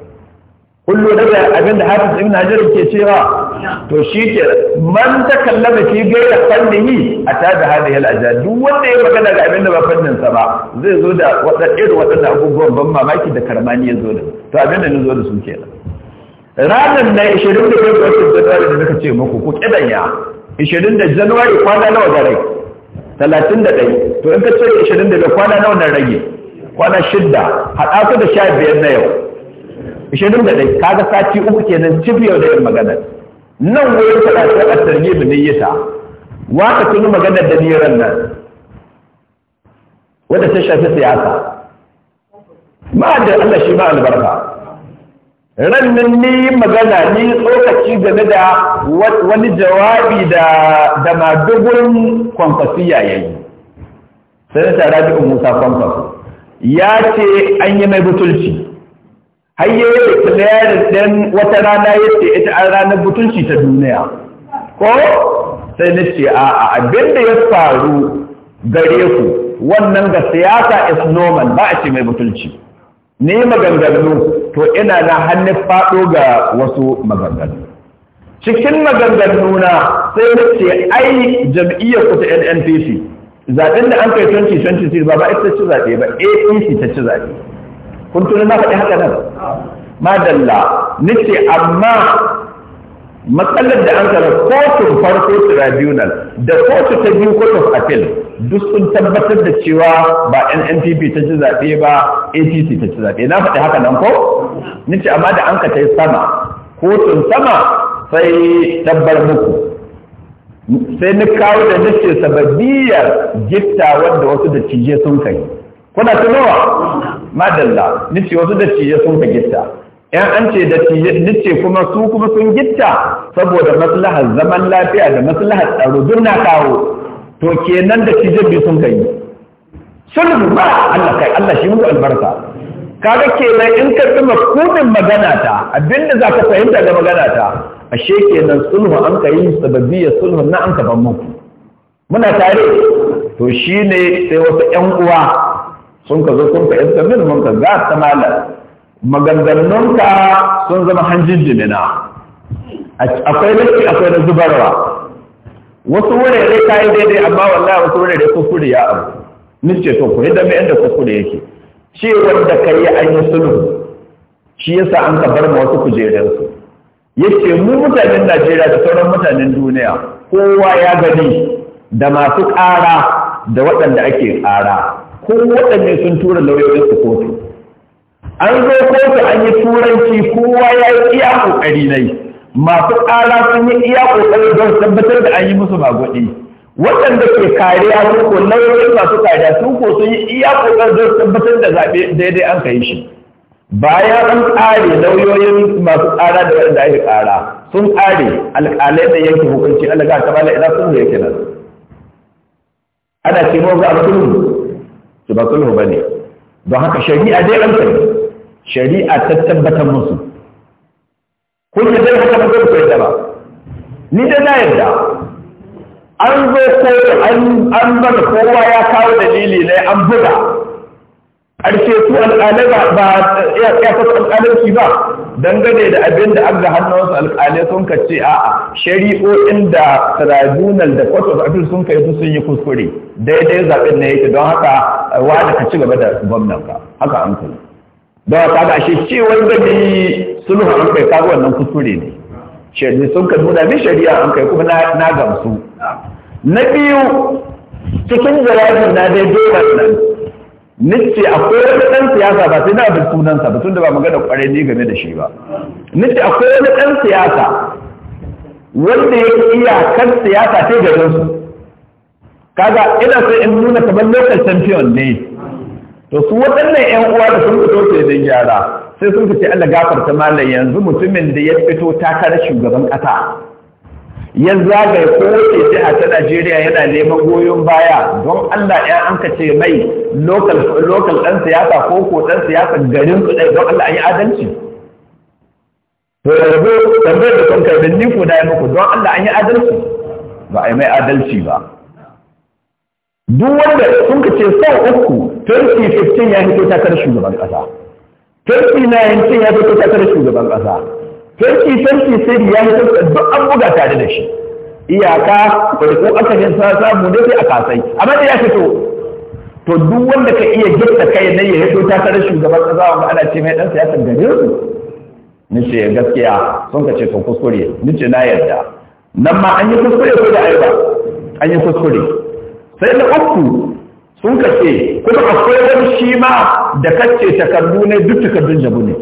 kullu daga abin da hafiz ibn hajar ke cewa to shi ke man ta kallama fi gaira fannihi a ta da hada yal aja duk wanda ya magana ga abin da ba fannin sa ba zai zo da wadannan irin wadannan abubuwan ban mamaki da karmani ya zo da to abin da ni zo da su kenan ranar na 20 da kai ga January da nake ce muku ku kidanya 20 da January kwana nawa da rai 31 to in ka ce 20 da kwana nawa na rage kwana shidda hada ku da 15 na yau 21 kaga sati uku kenan cibiyar da yin magana nan wai ta da ta asarge mu ne yasa wa ka magana da ni ran nan wanda ta shafi siyasa ma da Allah shi ba albarka nan ni magana ni tsokaci game da wani jawabi da da dubun kwamfasiya ya yi sanata rabi'u musa kwamfas ya ce an yi mai butulci har ya yi declaring ɗin wata rana ya ita an ranar butunci ta duniya ko sai na ce a'a abin da ya faru gare ku wannan ga siyasa is normal ba a ce mai butunci ne maganganu to ina na hannu faɗo ga wasu maganganu cikin maganganu na sai na ce ai jam'iyyar ku ta NNPC zaɓen da an kai 2020 ba ba ita ci zaɓe ba APC ta ci zaɓe kun tuni na faɗi haka nan dalla. nace amma matsalar da an kara kotun farko tribunal da kotu ta biyu court of appeal duk sun tabbatar da cewa ba NNPP ta ci zaɓe ba ATC ta ci zaɓe na faɗi haka nan ko nace amma da an ka ta sama kotun sama sai tabbar muku sai na kawo da nace sababiyar gitta wanda wasu da cije sun kai kuna tunawa madalla nace wasu ciye sun ka gitta yan an ce dattijai nace kuma su kuma sun gitta saboda maslahar zaman lafiya da maslahar tsaro duk na kawo to kenan dattijai bi sun kai sulhu ba Allah kai Allah shi muku albarka kaga kenan in ka bi kudin magana ta abinda za ka fahimta da magana ta ashe kenan sulhu an ka yi sababiyar sulhu na an ka ban muku muna tare to shine sai wasu 'yan uwa sun ka zo sun ka iska min mun ka za ta malar maganganunka sun zama hanjin jimina akwai laki akwai na zubarwa wasu wurare ka yi daidai amma wallahi wasu wurare kuskure ya abu nice to ku yadda mai inda kuskure yake ce wanda ka yi an yi sulhu shi yasa an ka bar ma wasu kujerarsu yake mu mutanen Najeriya da sauran mutanen duniya kowa ya gani da masu ƙara da waɗanda ake ƙara ko waɗanne sun tura lauyoyin su kotu an zo kotu an yi turanci kowa ya yi iya ƙoƙari na yi masu ƙara sun yi iya ƙoƙari don tabbatar da an yi musu magwaɗi waɗanda ke kariya sun ko lauyoyin masu kariya sun ko sun yi iya ƙoƙari don tabbatar da zaɓe daidai an kai shi bayan an ƙare lauyoyin masu ƙara da waɗanda ake ƙara sun ƙare alƙalai da yanke hukunci alaƙa ta bala idan sun da yake nan ana ce mu ga alƙulu su ba sulhu ba ne don haka shari'a dai an sani shari'a ta tabbatar musu kun yi dai haka mutum ko yadda ba ni da na yarda an zo ko an bada kowa ya kawo dalili ne an buga arshe su alƙalai ba ba ya fasa alƙalanci ba dangane da abin da an ga hannunsu alƙalai sun ka ce a'a shari'o'in da tribunal da court of appeal sun kai su sun yi kuskure daidai zaɓen na yake don haka wani ka ci gaba da gwamnan ka haka an kai don haka ga shi cewar gani sulhu an kai kaga wannan kuskure ne shari'a sun ka nuna min shari'a an kai kuma na gamsu na biyu cikin jawabin na dai dole nan nice akwai wani ɗan siyasa ba sai na bi sunansa ba da ba magana kwarai ne game da shi ba nice akwai wani ɗan siyasa wanda ya kan siyasa sai garin su kaga ina sai in nuna kamar local champion ne to su waɗannan ƴan uwa da sun fito sai don gyara sai sun fice Allah gafarta malam yanzu mutumin da ya fito takarar shugaban ƙasa ya zagaye kowace a ta Najeriya yana neman goyon baya don Allah ya an ka ce mai lokal ɗan siyasa ko ko ɗan siyasa garin su dai don Allah an yi adalci. To yanzu tambayar da kanka da ni ku dai muku don Allah an yi adalci ba a yi mai adalci ba. Duk wanda sun ka ce sau uku 2015 ya fito takarar shugaban ƙasa. 2019 ya fito takarar shugaban ƙasa. Tarki tarki sai ya yi tanki duk an buga tare da shi iyaka aka yi sa samu ne sai a kasai amma da ya fito to duk wanda ka iya gifta kai na ya fito takarar shugaban kaza wa ana ce mai dan siyasar gare su ni ce gaskiya sun ka ce kuskure ni ce na yarda nan ma an yi kuskure ko da ayyuka. an yi kuskure sai na uku sun ka ce kuma akwai wani shi ma da kace takardu ne duk takardun jabu ne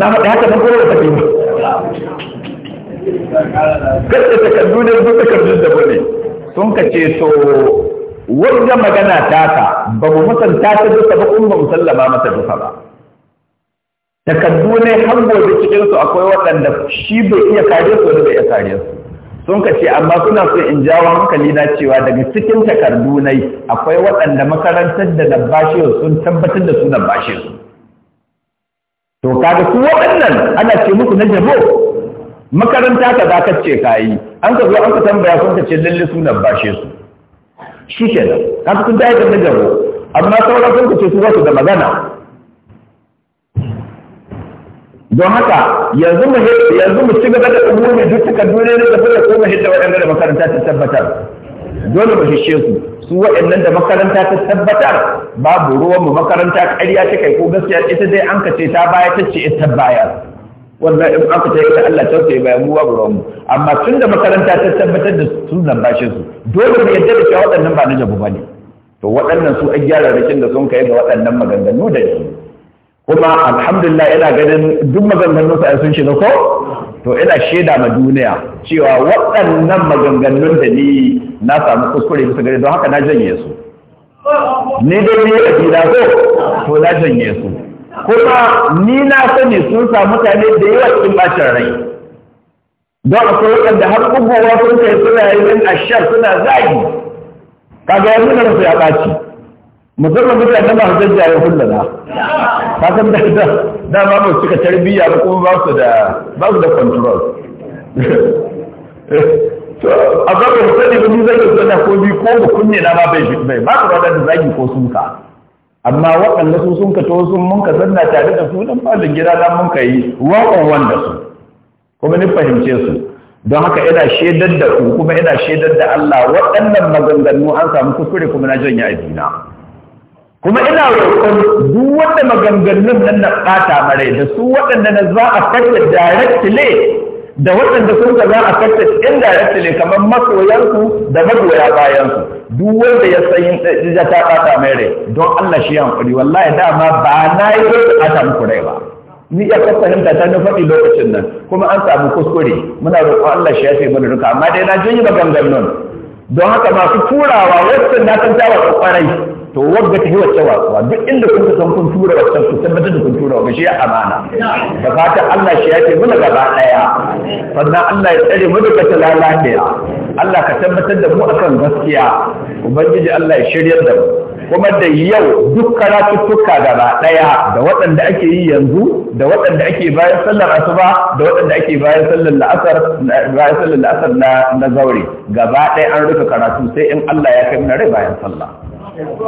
na faɗi haka nan kowa tafi ba kasa takardu ne duk takardun da bane sun ka ce so wanda magana ta taka ba mu musanta ta duka ba kuma mu sallama mata duka ba takardu ne har gobe cikin su akwai waɗanda shi bai iya kare su wani bai iya kare su sun ka ce amma suna so in jawo hankali na cewa daga cikin takardu nai akwai waɗanda makarantar da na bashe sun tabbatar da su na to kaga su waɗannan ana ce muku na jabo makaranta ka za ka ce ka yi an ka zo an ka tambaya sun ka ce lalle sunan bashe su shi ke nan ka sun ta yi na jabo amma sauran sun ka ce su wasu da magana don haka yanzu mu yanzu mu ci gaba da umurni duk suka duniya da tafiya ko mu hidda waɗanda da makaranta ta tabbatar dole mu hishe su su waɗannan da makaranta ta tabbatar babu ruwan mu makaranta ƙarya ta kai ko gaskiya ita dai an ka ce ta baya ta ce ita baya wannan in aka ta yi ita Allah ta yi bayan mu babu ruwan mu amma tun da makaranta ta tabbatar da sunan bashin su dole ne yadda da cewa waɗannan ba na jabu ba ne to waɗannan su an gyara rikin da sun kai ga waɗannan maganganu da su kuma alhamdulillah ina ganin duk maganganun su sun shiga ko to ina shaida ma duniya cewa waɗannan maganganun da ni na samu kuskure bisa gare don haka na janye su ni da ni da ko to na janye su kuma ni na sani sun samu mutane da yawa cikin bacin rai don akwai waɗanda har kuma wasu kai suna a ashar suna zagi kaga yanzu na su ya ɓaci musamman mutane ba su jajja ya hullana ka san da da da ba mu cika tarbiyya ba kuma ba su da ba su da control to a ga ba sani ba ni zai tsada ko bi ko ba kunne na ba bai mai ba ka da zagi ko sunka amma waɗanda su sun ka to sun mun ka zanna tare da su dan falin gida dan mun ka yi waƙon wanda su kuma ni fahimce su don haka ina shaidar da ku kuma ina shaidar da Allah waɗannan maganganu an samu kuskure kuma na janya a dina kuma ina roƙon duk wanda maganganun nan na ɓata mare da su waɗanda na za a kashe directly da waɗanda sun ga za a kashe indirectly kamar masoyansu da magoya bayansu duk wanda ya san yin ta ɓata mare don Allah shi hankuri wallahi dama ba na yi ɓata muku rai ba ni ya ka fahimta ta na faɗi lokacin nan kuma an samu kuskure muna roƙon Allah shi ya sai mana duka amma dai na jin yi maganganun don haka masu turawa wasu na tantawa ƙwarai to wadda ta yi wacce wasuwa duk inda kun san kun tura wacce ku san da kun tura wa shi amana da fatan Allah shi ya ce muna gaba daya sannan Allah ya tsare mu daga talalahiya Allah ka tabbatar da mu akan gaskiya ubangiji Allah ya shiryar da mu kuma da yau duk karatuttuka gaba daya da waɗanda ake yi yanzu da waɗanda ake bayan sallar asuba da waɗanda ake bayan sallar la'asar bayan sallar la'asar na na zaure gaba ɗaya an rufe karatu sai in Allah ya kai mana rai bayan sallah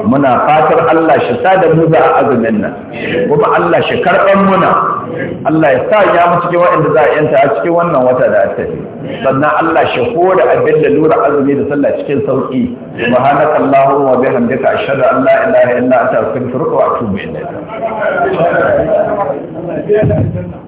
muna fatar Allah shi sa da mu za a azumin nan kuma Allah shi karɓar muna Allah ya sa ya mu cikin waɗanda za a yanta a cikin wannan wata da ta sannan Allah shi hore abin da lura azumi da sallah cikin sauƙi subhanaka allahumma wa bihamdika a an la ilaha illa sun astaghfiruka wa atubu ilayk